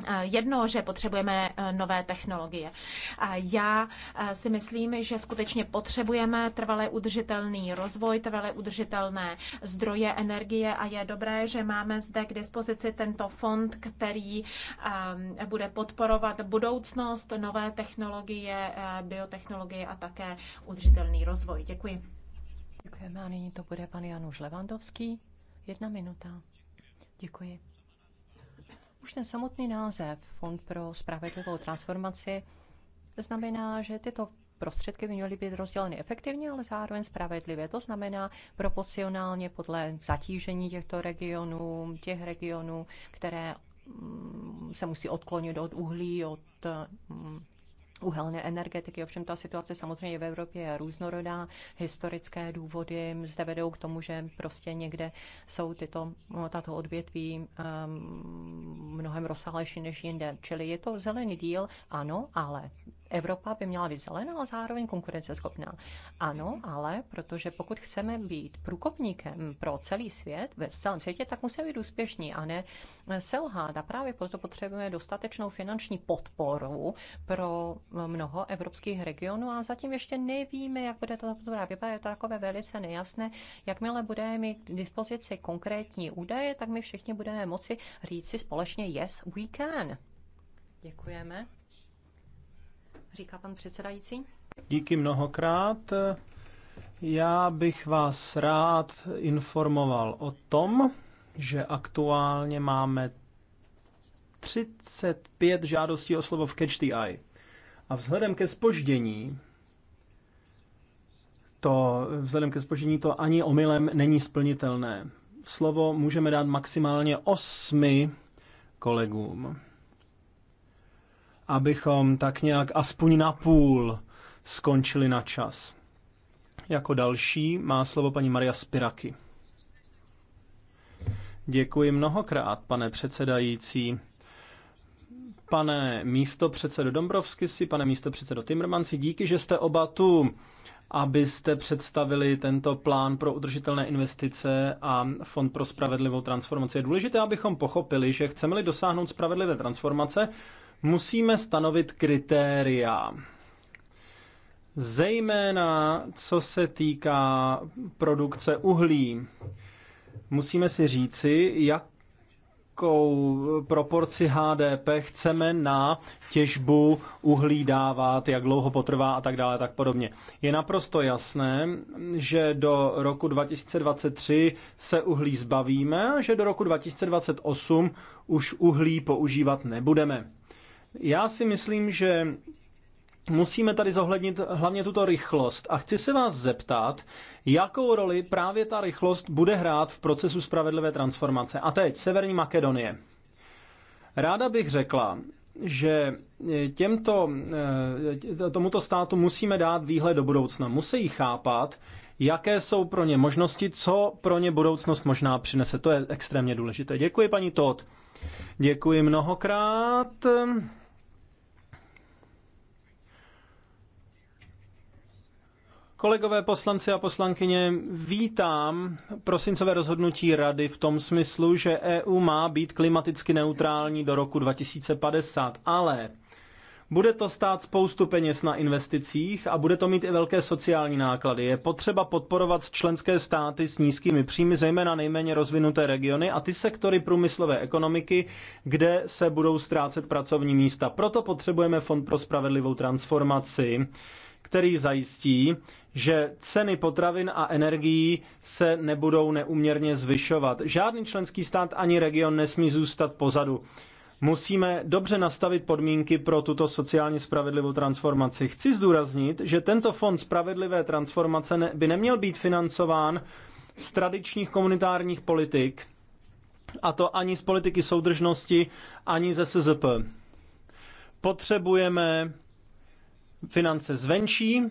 Eh, jedno, že potřebujeme eh, nové technologie. A já eh, si myslím, že skutečně potřebujeme trvalé udržitelný rozvoj, trvalé udržitelné zdroje energie a je dobré, že máme zde k dispozici tento fond, který bude podporovat budoucnost, nové technologie, biotechnologie a také udržitelný rozvoj. Děkuji. Děkujeme a nyní to bude pan Januš Levandovský. Jedna minuta. Děkuji. Už ten samotný název Fond pro spravedlivou transformaci znamená, že tyto prostředky by měly být rozděleny efektivně, ale zároveň spravedlivě. To znamená proporcionálně podle zatížení těchto regionů, těch regionů, které mm, se musí odklonit od uhlí, od mm, uhelné energetiky. Ovšem ta situace samozřejmě v Evropě je různorodá. Historické důvody zde vedou k tomu, že prostě někde jsou tyto, tato odvětví um, mnohem rozsáhlejší než jinde. Čili je to zelený díl, ano, ale Evropa by měla být zelená a zároveň konkurenceschopná. Ano, ale protože pokud chceme být průkopníkem pro celý svět, ve celém světě, tak musíme být úspěšní a ne selhát. A právě proto potřebujeme dostatečnou finanční podporu pro mnoho evropských regionů a zatím ještě nevíme, jak bude to podpora vypadat. Je to takové velice nejasné. Jakmile budeme mít k dispozici konkrétní údaje, tak my všichni budeme moci říct si společně yes, we can. Děkujeme říká pan předsedající. Díky mnohokrát. Já bych vás rád informoval o tom, že aktuálně máme 35 žádostí o slovo v Catch the Eye. A vzhledem ke spoždění, to, vzhledem ke spoždění to ani omylem není splnitelné. Slovo můžeme dát maximálně osmi kolegům abychom tak nějak aspoň na půl skončili na čas. Jako další má slovo paní Maria Spiraky. Děkuji mnohokrát, pane předsedající. Pane místo předsedo Dombrovsky si, pane místo předsedo Timmermansi, díky, že jste oba tu, abyste představili tento plán pro udržitelné investice a Fond pro spravedlivou transformaci. Je důležité, abychom pochopili, že chceme-li dosáhnout spravedlivé transformace, Musíme stanovit kritéria, zejména co se týká produkce uhlí. Musíme si říci, jakou proporci HDP chceme na těžbu uhlí dávat, jak dlouho potrvá a tak dále, tak podobně. Je naprosto jasné, že do roku 2023 se uhlí zbavíme a že do roku 2028 už uhlí používat nebudeme. Já si myslím, že musíme tady zohlednit hlavně tuto rychlost. A chci se vás zeptat, jakou roli právě ta rychlost bude hrát v procesu spravedlivé transformace. A teď Severní Makedonie. Ráda bych řekla, že e, těmto, e, tomuto státu musíme dát výhled do budoucna. Musí chápat, jaké jsou pro ně možnosti, co pro ně budoucnost možná přinese. To je extrémně důležité. Děkuji, paní Todd. Děkuji mnohokrát. Kolegové poslanci a poslankyně, vítám prosincové rozhodnutí Rady v tom smyslu, že EU má být klimaticky neutrální do roku 2050, ale bude to stát spoustu peněz na investicích a bude to mít i velké sociální náklady. Je potřeba podporovat členské státy s nízkými příjmy, zejména nejméně rozvinuté regiony a ty sektory průmyslové ekonomiky, kde se budou ztrácet pracovní místa. Proto potřebujeme Fond pro spravedlivou transformaci, který zajistí, že ceny potravin a energií se nebudou neuměrně zvyšovat. Žádný členský stát ani region nesmí zůstat pozadu. Musíme dobře nastavit podmínky pro tuto sociálně spravedlivou transformaci. Chci zdůraznit, že tento fond spravedlivé transformace by neměl být financován z tradičních komunitárních politik, a to ani z politiky soudržnosti, ani ze SZP. Potřebujeme finance zvenčí,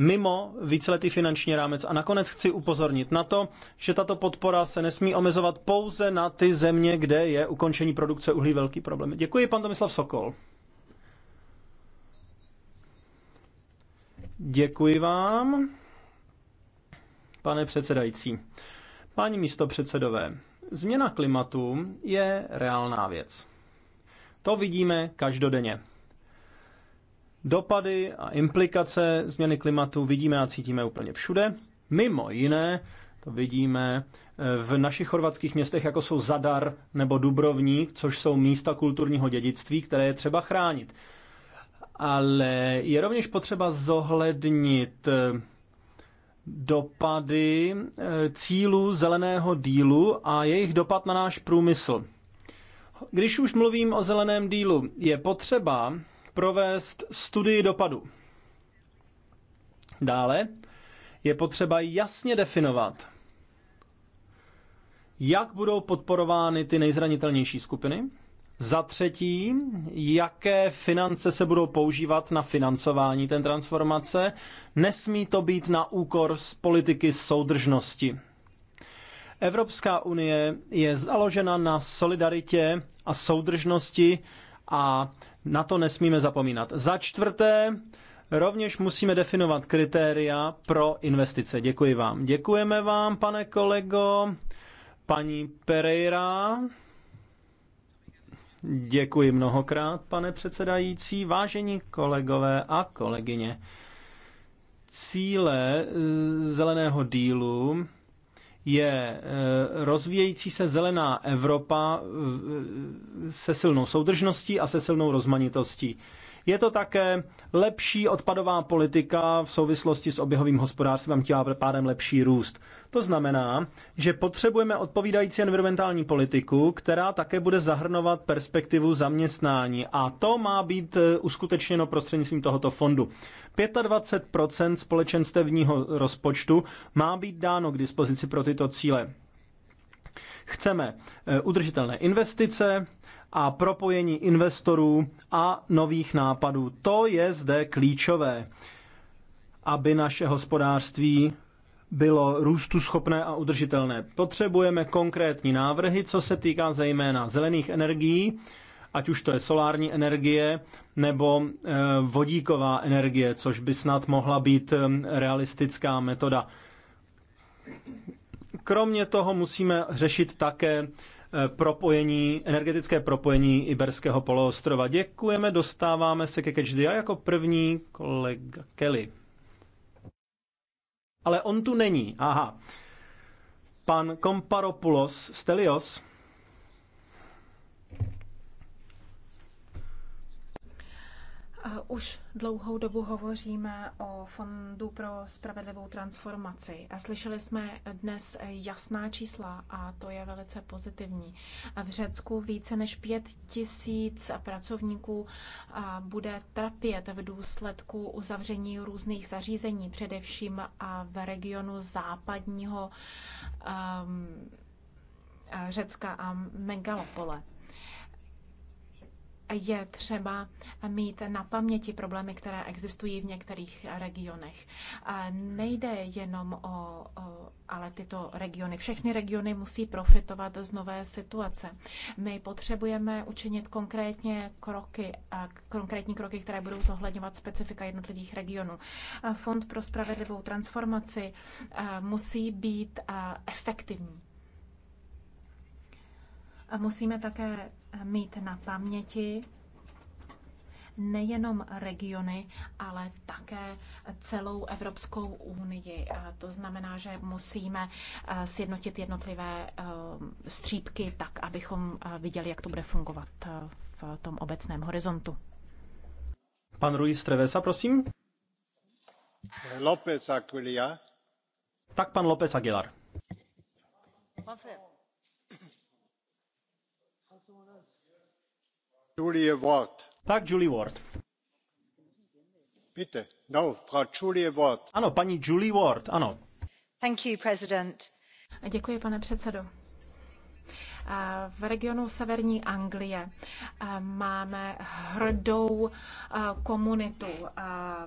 mimo víceletý finanční rámec. A nakonec chci upozornit na to, že tato podpora se nesmí omezovat pouze na ty země, kde je ukončení produkce uhlí velký problém. Děkuji, pan Tomislav Sokol. Děkuji vám, pane předsedající. Páni místo předsedové, změna klimatu je reálná věc. To vidíme každodenně. Dopady a implikace změny klimatu vidíme a cítíme úplně všude. Mimo jiné to vidíme eh, v našich chorvatských městech, jako jsou Zadar nebo Dubrovník, což jsou místa kulturního dědictví, které je třeba chránit. Ale je rovněž potřeba zohlednit eh, dopady eh, cílů zeleného dílu a jejich dopad na náš průmysl. Když už mluvím o zeleném dílu, je potřeba provést studii dopadu. Dále je potřeba jasně definovat, jak budou podporovány ty nejzranitelnější skupiny. Za třetí, jaké finance se budou používat na financování té transformace. Nesmí to být na úkor z politiky soudržnosti. Evropská unie je založena na solidaritě a soudržnosti a na to nesmíme zapomínat. Za čtvrté, rovněž musíme definovat kritéria pro investice. Děkuji vám. Děkujeme vám, pane kolego. Paní Pereira. Děkuji mnohokrát, pane předsedající, vážení kolegové a kolegyně. Cíle eh, zeleného dílu je eh, rozvíjející se zelená Evropa se silnou soudržností a se silnou rozmanitostí. Je to také lepší odpadová politika v souvislosti s oběhovým hospodářstvím, tím pádem lepší růst. To znamená, že potřebujeme odpovídající environmentální politiku, která také bude zahrnovat perspektivu zaměstnání. A to má být eh, uskutečněno prostřednictvím tohoto fondu. 25 společenstevního rozpočtu má být dáno k dispozici pro tyto cíle chceme eh, udržitelné investice a propojení investorů a nových nápadů. To je zde klíčové, aby naše hospodářství bylo růstu schopné a udržitelné. Potřebujeme konkrétní návrhy, co se týká zejména zelených energií, ať už to je solární energie nebo e, vodíková energie, což by snad mohla být e, realistická metoda. Kromě toho musíme řešit také propojení, energetické propojení Iberského poloostrova. Děkujeme, dostáváme se ke Catch a jako první kolega Kelly. Ale on tu není, aha. Pan Komparopoulos Stelios Eh, už dlouhou dobu hovoříme o Fondu pro spravedlivou transformaci a slyšeli jsme dnes jasná čísla a to je velice pozitivní. V Řecku více než pět tisíc pracovníků eh, bude trpět v důsledku uzavření různých zařízení, především eh, v regionu západního ehm, Řecka a megalopole je třeba mít na paměti problémy, které existují v některých regionech. Nejde jenom o, ale tyto regiony. Všechny regiony musí profitovat z nové situace. My potřebujeme učinit konkrétně kroky, konkrétní kroky, které budou zohledňovat specifika jednotlivých regionů. Fond pro spravedlivou transformaci musí být efektivní. A musíme také mít na paměti nejenom regiony, ale také celou Evropskou unii. To znamená, že musíme eh, sjednotit jednotlivé eh, střípky tak, abychom eh, viděli, jak to bude fungovat v tom obecném horizontu. Pan Ruiz Trevesa, prosím. López Aguilar. Tak pan López Aguilar. Konfirm. Tak Julie no, Ward. Ano, paní Julie Ward, ano. Děkuji, pane předsedo. V regionu severní Anglie máme hrdou komunitu.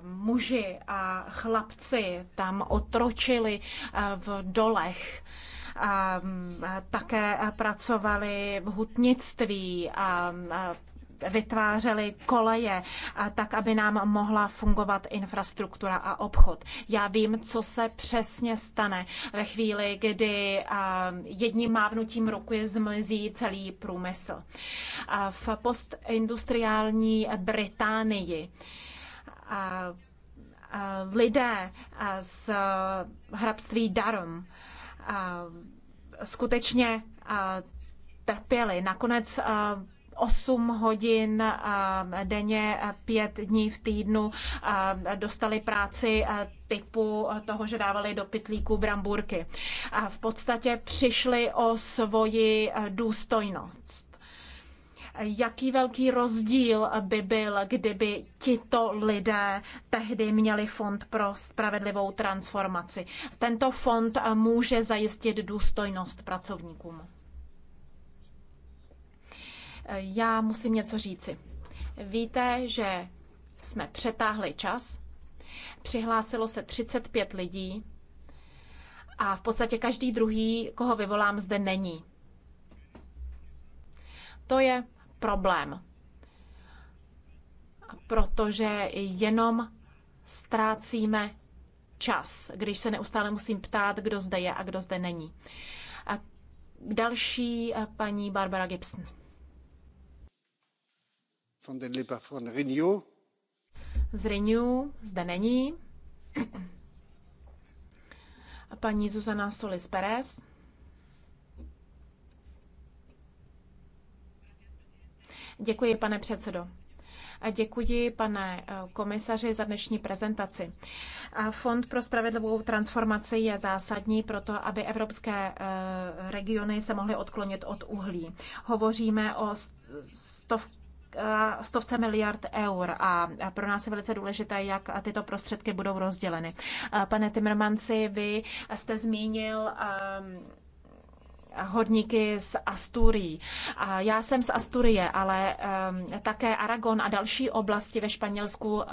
Muži a chlapci tam otročili v dolech také pracovali v hutnictví, a vytvářeli koleje, tak aby nám mohla fungovat infrastruktura a obchod. Já vím, co se přesně stane ve chvíli, kdy jedním mávnutím je zmizí celý průmysl. V postindustriální Británii lidé z hrabství Darom skutečně trpěli. Nakonec 8 hodin denně, 5 dní v týdnu dostali práci typu toho, že dávali do pytlíku bramburky. A v podstatě přišli o svoji důstojnost. Jaký velký rozdíl by byl, kdyby tito lidé tehdy měli fond pro spravedlivou transformaci? Tento fond může zajistit důstojnost pracovníkům. Já musím něco říci. Víte, že jsme přetáhli čas, přihlásilo se 35 lidí a v podstatě každý druhý, koho vyvolám, zde není. To je problém, protože jenom ztrácíme čas, když se neustále musím ptát, kdo zde je a kdo zde není. A další eh, paní Barbara Gibson von den Liber, von Renew. Z Renew zde není. A paní Zuzana Solis Perez. Děkuji, pane předsedo. A děkuji, pane eh, komisaři, za dnešní prezentaci. Fond pro spravedlivou transformaci je zásadní pro to, aby evropské eh, regiony se mohly odklonit od uhlí. Hovoříme o stovkách stovce miliard eur a pro nás je velice důležité, jak tyto prostředky budou rozděleny. Pane Timmermansi, vy jste zmínil um, hodníky z Asturii. Já jsem z Asturie, ale um, také Aragon a další oblasti ve Španělsku uh,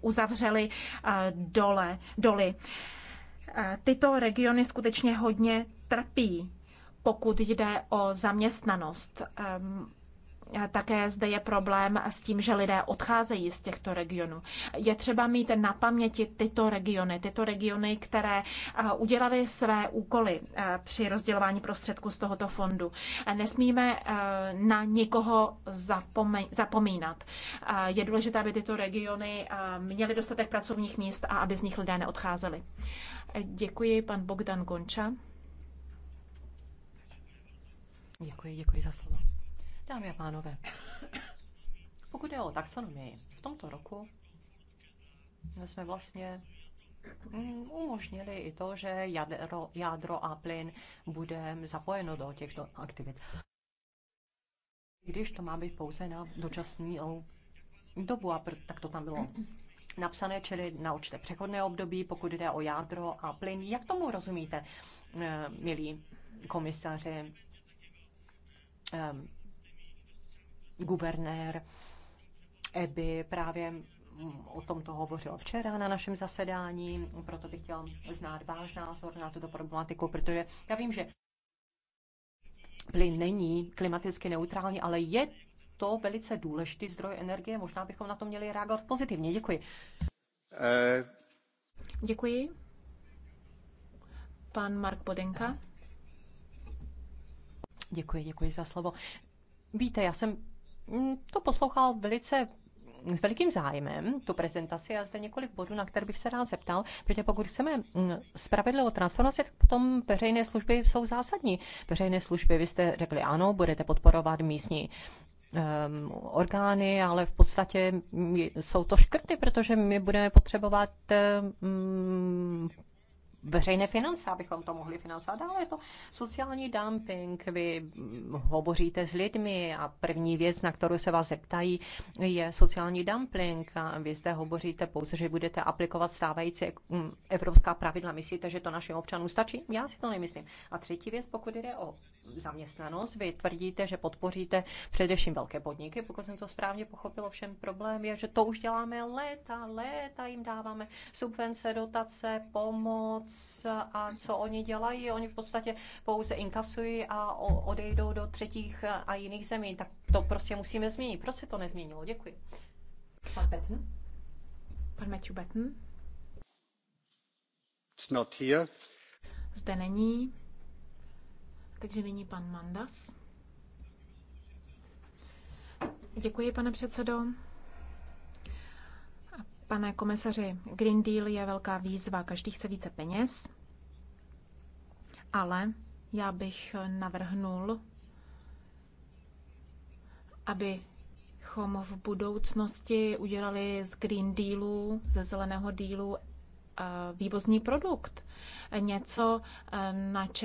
uzavřely uh, dole, doly. Tyto regiony skutečně hodně trpí, pokud jde o zaměstnanost. Um, také zde je problém s tím, že lidé odcházejí z těchto regionů. Je třeba mít na paměti tyto regiony, tyto regiony, které udělaly své úkoly při rozdělování prostředků z tohoto fondu. Nesmíme na nikoho zapomínat. Je důležité, aby tyto regiony měly dostatek pracovních míst a aby z nich lidé neodcházeli. Děkuji, pan Bogdan Gonča. Děkuji, děkuji za slovo. Dámy a pánové, pokud je o taxonomii, v tomto roku jsme vlastně mm, umožnili i to, že jadro, jádro a plyn bude zapojeno do těchto aktivit. Když to má být pouze na dočasnou dobu, a pr- tak to tam bylo napsané, čili na určité přechodné období, pokud jde o jádro a plyn. Jak tomu rozumíte, eh, milí komisaři? Ehm, guvernér EBY právě o tom to hovořil včera na našem zasedání, proto bych chtěl znát váš názor na tuto problematiku, protože já vím, že plyn není klimaticky neutrální, ale je to velice důležitý zdroj energie. Možná bychom na to měli reagovat pozitivně. Děkuji. Eh. Děkuji. Pan Mark Podenka. Děkuji, děkuji za slovo. Víte, já jsem Mm, to poslouchal velice s velikým zájmem tu prezentaci a zde několik bodů, na které bych se rád zeptal, protože pokud chceme mm, spravedlivou transformaci, tak potom veřejné služby jsou zásadní. Veřejné služby, vy jste řekli ano, budete podporovat místní um, orgány, ale v podstatě mm, jsou to škrty, protože my budeme potřebovat um, veřejné finance, abychom to mohli financovat. Dále je to sociální dumping. Vy hovoříte s lidmi a první věc, na kterou se vás zeptají, je sociální dumping. A vy zde hovoříte pouze, že budete aplikovat stávající evropská pravidla. Myslíte, že to našim občanům stačí? Já si to nemyslím. A třetí věc, pokud jde o zaměstnanost. Vy tvrdíte, že podpoříte především velké podniky, pokud jsem to správně pochopila. Všem problém je, že to už děláme léta, léta jim dáváme subvence, dotace, pomoc a co oni dělají. Oni v podstatě pouze inkasují a odejdou do třetích a jiných zemí. Tak to prostě musíme změnit. Proč se to nezměnilo? Děkuji. Pan Betten? Pan Matthew Betten? It's not here. Zde není. Takže nyní pan Mandas. Děkuji, pane předsedo. Pane komisaři, Green Deal je velká výzva, každý chce více peněz, ale já bych navrhnul, abychom v budoucnosti udělali z Green Dealu, ze zeleného dealu eh, vývozní produkt. Něco, eh, na čem